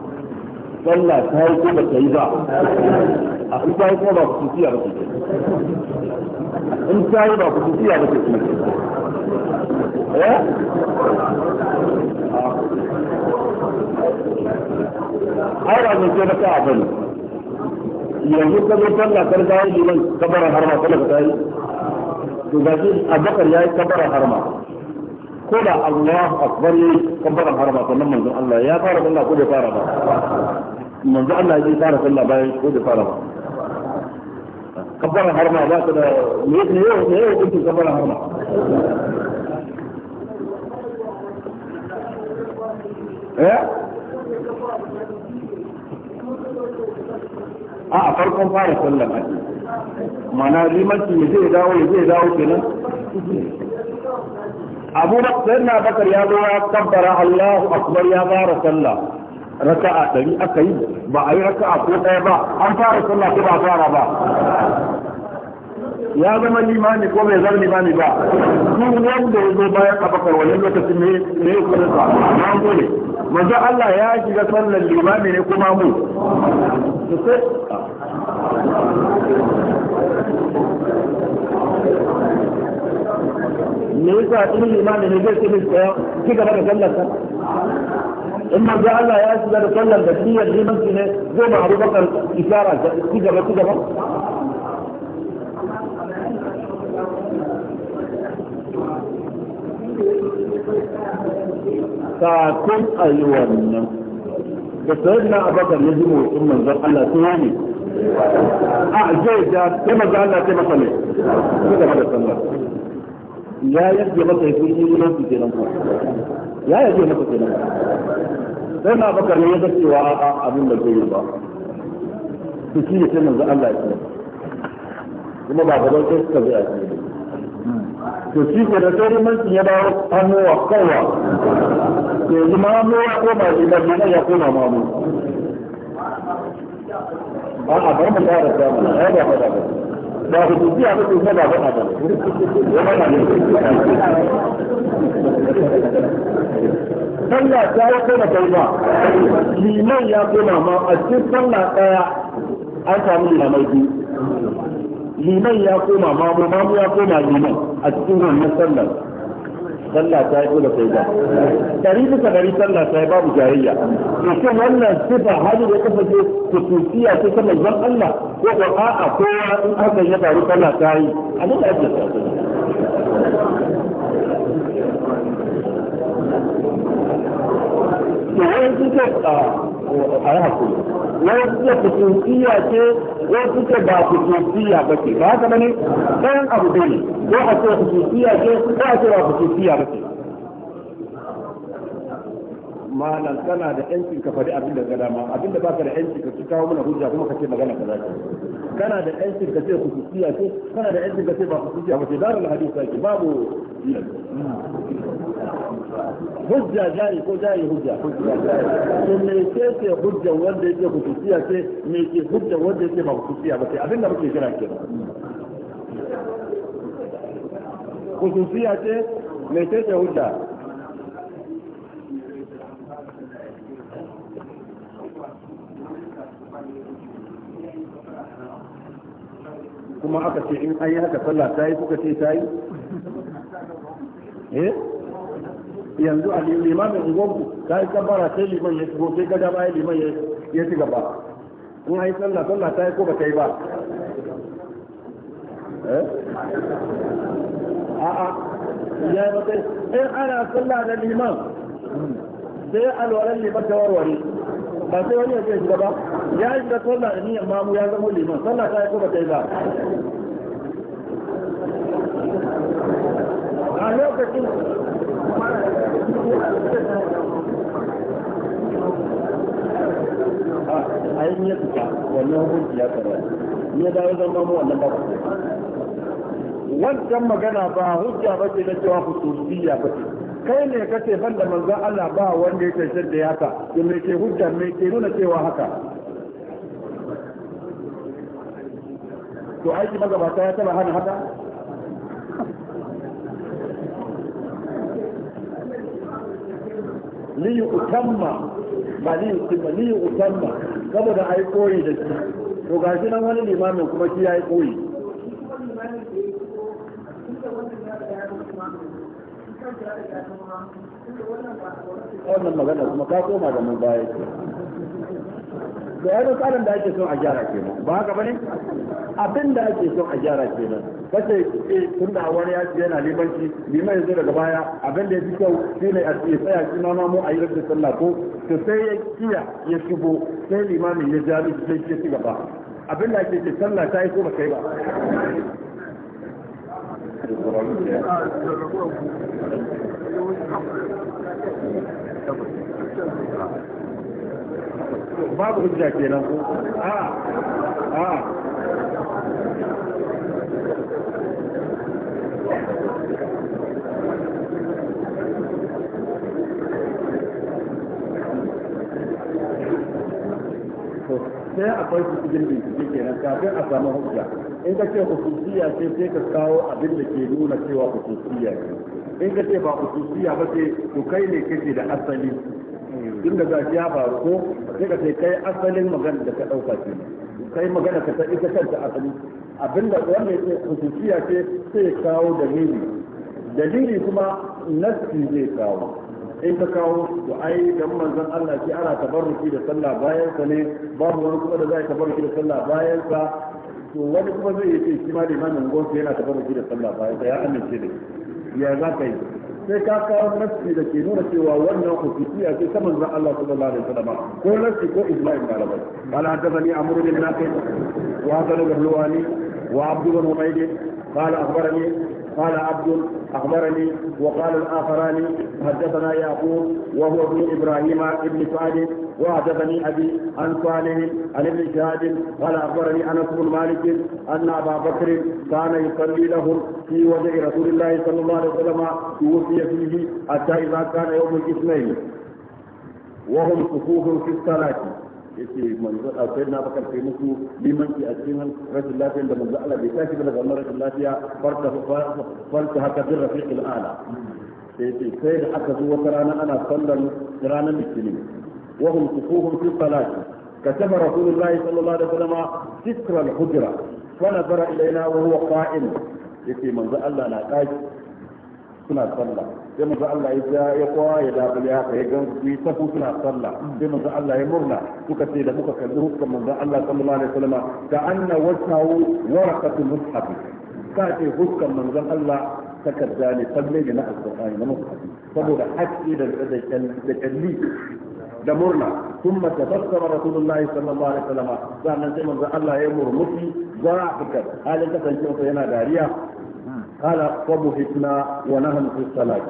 sallah ta yi ko ba ta yi ba a in ta yi ko ba ku siya ba ce in ta yi ba ku siya ba ce eh ah. ai ba mun ce ba ta abin yanzu ka zo sallah ta da yi liman kabarin harma sallah ta yi to ga shi abakar ya yi kabarin harma ko da Allahu akbar kan fara harama sannan manzon Allah ya fara sallah ko da fara ba manzon Allah ya fara sallah bayan ko da fara ba kabbara harma ba ta da me ne yau ne yau kuke kabbara harma eh a farkon fara sallah mana limanci ne zai dawo zai dawo kenan abu na bakar ya zo ya kabbara Allahu akbar ya fara sallah raka'a ɗari aka yi ba a yi raka'a ko ɗaya ba an fara sallah ko ba fara ba ya zama limani ko bai zama limani ba duk wanda ya zo bayan abakar wani lokaci ne ne ya kudin sa na gole manzo Allah ya shiga sallar limani ne kuma mu me yasa in limamin ne zai kudin tsaya ki gaba da sallar sa in manzo Allah ya shiga da sallar da niyyar limanci ne zai ma Abu Bakar isara ki gaba ki gaba kafin a yi wannan da sayar na abakar ya ji motsin manzon Allah sun wani a zai ja sai manzon Allah sai masa ne su gaba da sallar ya yarje maka ya kuma yi nan ke nan ya yarje maka ke nan sai na bakar ne ya ga cewa a abin da zai yi ba su shi ne sai manzo Allah ya ce kuma ba gaban sai suka zai a ce to shi ko da sai man ya dawo hannu wa kowa to imamu ya koma mana ya koma mamu a bar mu da samu ai ba fara ba ba ku tafiya ba sosai ba faɗa ba ya faɗa ne ta yi koma tauba liman ya koma ma a cikin sallah ɗaya an samu limamai biyu liman ya koma mamu mamu ya koma liman a cikin wannan sallar sallah ta yi dole sai ba dari bisa dari sallah ta yi babu jariya to kan wannan sifa hali da kasance kutusiya ce ta manzon Allah ko ko a'a kowa in hakan ya faru sallah ta yi anan da ake to wani sun ce ah, a yi hakuri wasu ke kusurciya ce wasu ke ba kusurciya ba ce ba haka bane ɗan abu ne ko a ce kusurciya ce ko a ce ba kusurciya ba ce malam kana da yancin ka faɗi abin da gada ma abin da baka da yancin ka ci kawo mana hujja kuma ka ce magana ka zaki kana da yancin ka ce kusurciya ce kana da yancin ka ce ba kusurciya ba ce darul hadisi babu hujja jari ko jari hujja to me ce ce hujja wanda yake kutusiya ce me ke hujja wanda yake ba kutusiya ba ce abinda muke kira kenan kutusiya ce me ce ce hujja kuma aka ce in an yi haka sallah ta yi kuka ce ta yi eh yanzu a limamin unguwanku ka yi kabbara sai liman ya shigo sai gada bayan liman ya ci gaba in yi sallah sallah ta yi ko ba ta yi ba eh? a'a ya yi matsayi in ana sallah da liman sai alwalan liman ta warware ba sai wani ya ce shiga ba ya yi shiga sallah da niyan mamu ya zama liman sallah ta yi ko ba ta yi ba a lokacin a yi ya fita wannan hukunci ya tsara ya dawo zan mamu wannan ba wancan magana ba hujja ba ce na cewa hususiyya ba ce kai ne ka ce ban da manzon Allah ba wanda ya tashar da haka to me ke hujja me ke nuna cewa haka to aiki magabata ya taba hana haka liyu utamma ba liyu utamma liyu utamma saboda ai koyi da shi to gashi nan wani limamin kuma shi yayi koyi wannan magana kuma ka koma da mun baya da ya tsarin da ake son a gyara kenan ba haka bane abin da ake son a gyara kenan kace eh da wani ya yana shi liman yanzu daga baya abin da yafi kyau ne a tsaya shi ma mu a yi rabbi sallah ko to sai ya kiya ya shigo sai limamin ya ja miki sai ya ci gaba abin da ake ce sallah ta yi ko ba kai ba babu hujja kenan a ah, a ah. sai akwai su cikin bincike kenan kafin a samu hujja in ka ce hususiya ce sai ka kawo abin da ke nuna cewa hususiya ce in ka ce ba hususiya ba sai to kai ne kake da asali tun da zafi ya faru ko sai ka ce kai asalin magana da ka ɗauka ce kai magana ka ta ita kanta asali da wanda ce hususiya ce sai kawo dalili dalili kuma nasi zai kawo in ka kawo to ai dan manzon Allah shi ana tabarruki da sallah bayan sa ne babu wani kuma da zai tabarruki da sallah bayan sa to wani kuma zai yi shi ma da imamin gonsa yana tabarruki da sallah bayan sa ya amince da ya za ka yi sai ka kawo nasi da ke nuna cewa wannan kusurciya ce ta manzon Allah sallallahu alaihi wasallam ko nasi ko ijma'in malamai qala hadathani amr na kai wa hadathani al-luwani wa abdu bin umayd qala ne. قال عبد اخبرني وقال الاخران حدثنا يعقوب وهو ابن ابراهيم ابن سعد وحدثني ابي عن صالح عن ابن شهاب قال اخبرني انس بن مالك ان ابا بكر كان يصلي لهم في وجه رسول الله صلى الله عليه وسلم توفي فيه حتى اذا كان يوم الاثنين وهم صفوف في الصلاه yace manzo a ah, sai na bakar sai musu limanci a cikin rashin lafiyar da manzo Allah bai tashi ba daga wannan rashin lafiya farka farka haka bin rafiqil ala yace sai da aka zo wata rana ana sallar ranar litinin wa hum sufuhum fi salati كتب رسول الله صلى الله عليه وسلم ستر الحجرة فنظر إلينا وهو قائم يتي منذ الله لا تاج suna sallah sai manzo Allah ya ya kwaye da bali haka ya gan su safu suna sallah sai manzo Allah ya murna suka ce da muka kalli hukkan manzo Allah sallallahu alaihi wasallam ka anna wasahu warqatul mushaf ka ce hukkan manzo Allah takarda ne falle ne na alqur'ani na mushaf saboda haƙƙi da da kalli da murna ثم تبسم رسول الله sallallahu alaihi عليه وسلم sannan sai manzo Allah ya murmushi zaka a ka san kasancewa yana dariya قال فبهتنا ونحن في الصلاة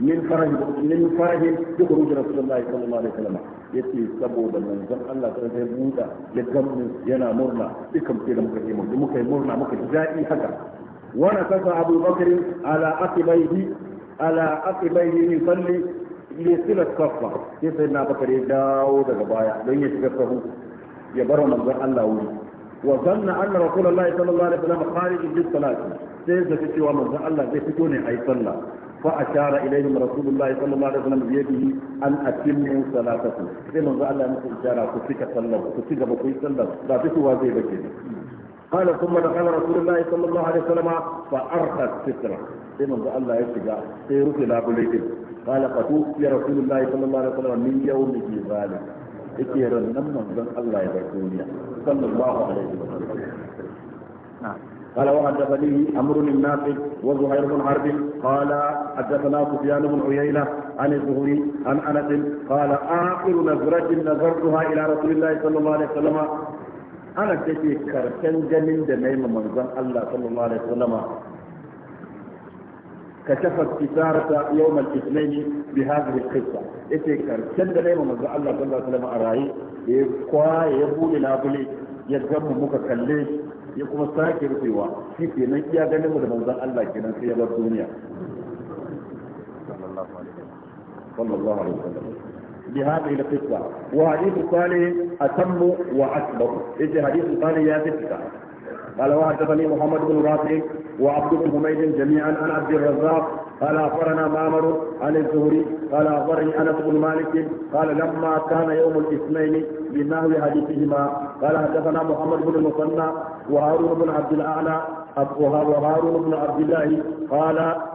من فرح من فرح يخرج رسول الله صلى الله عليه وسلم yace saboda manzon Allah ta sai buɗa ya gamu yana murna dukan sai da muka yi muka murna muka ji haka wa nakasa Abu Bakr ala aqibaihi ala aqibaihi yusalli li sila safa sai na Bakar dawo daga baya don ya shiga sahu ya bar manzon Allah wuri وظن أن رسول الله صلى الله عليه وسلم خارج للصلاة سيزة سوى من الله زي فتوني أي صلى فأشار إليهم رسول الله صلى الله عليه وسلم بيده أن أتموا صلاتكم زي من الله مثل إشارة كفك صلى كفك بقي صلى لا تسوى زي بكي قال ثم دخل رسول الله صلى الله عليه وسلم فأرخت سترة زي من الله يشجع سيرك لا بليتم قال فتوفي رسول الله صلى الله عليه وسلم من يومه ذلك yake rannan manzon Allah ya bar duniya sallallahu alaihi wa sallam قال وحدثني عمرو بن نافع وزهير بن حرب قال حدثنا سفيان بن عيينه عن الزهري عن انس قال اخر نظره نظرتها الى رسول الله صلى الله عليه وسلم ana take karshen ganin da na yi manzon Allah sallallahu alaihi كشفت كثارة يوم الاثنين بهذه القصة اتكر كنت لي ممزع الله صلى الله عليه وسلم أرأي يبقى يبولي لابلي يجب ممك كليش يقوم ساكر فيوا كيف ينجي أغني ممزع الله كنا في الدنيا صلى الله عليه وسلم بهذه القصة وحديث قال أتم وأكبر إذا حديث قال يا بكر قال وحدثني محمد بن رافع وعبد بن حميد جميعا عن عبد الرزاق قال اخبرنا مامر عن الزهري قال اخبرني انس بن مالك قال لما كان يوم الاثنين بنحو حديثهما قال حدثنا محمد بن المثنى وهارون بن عبد الاعلى وهارون بن عبد الله قال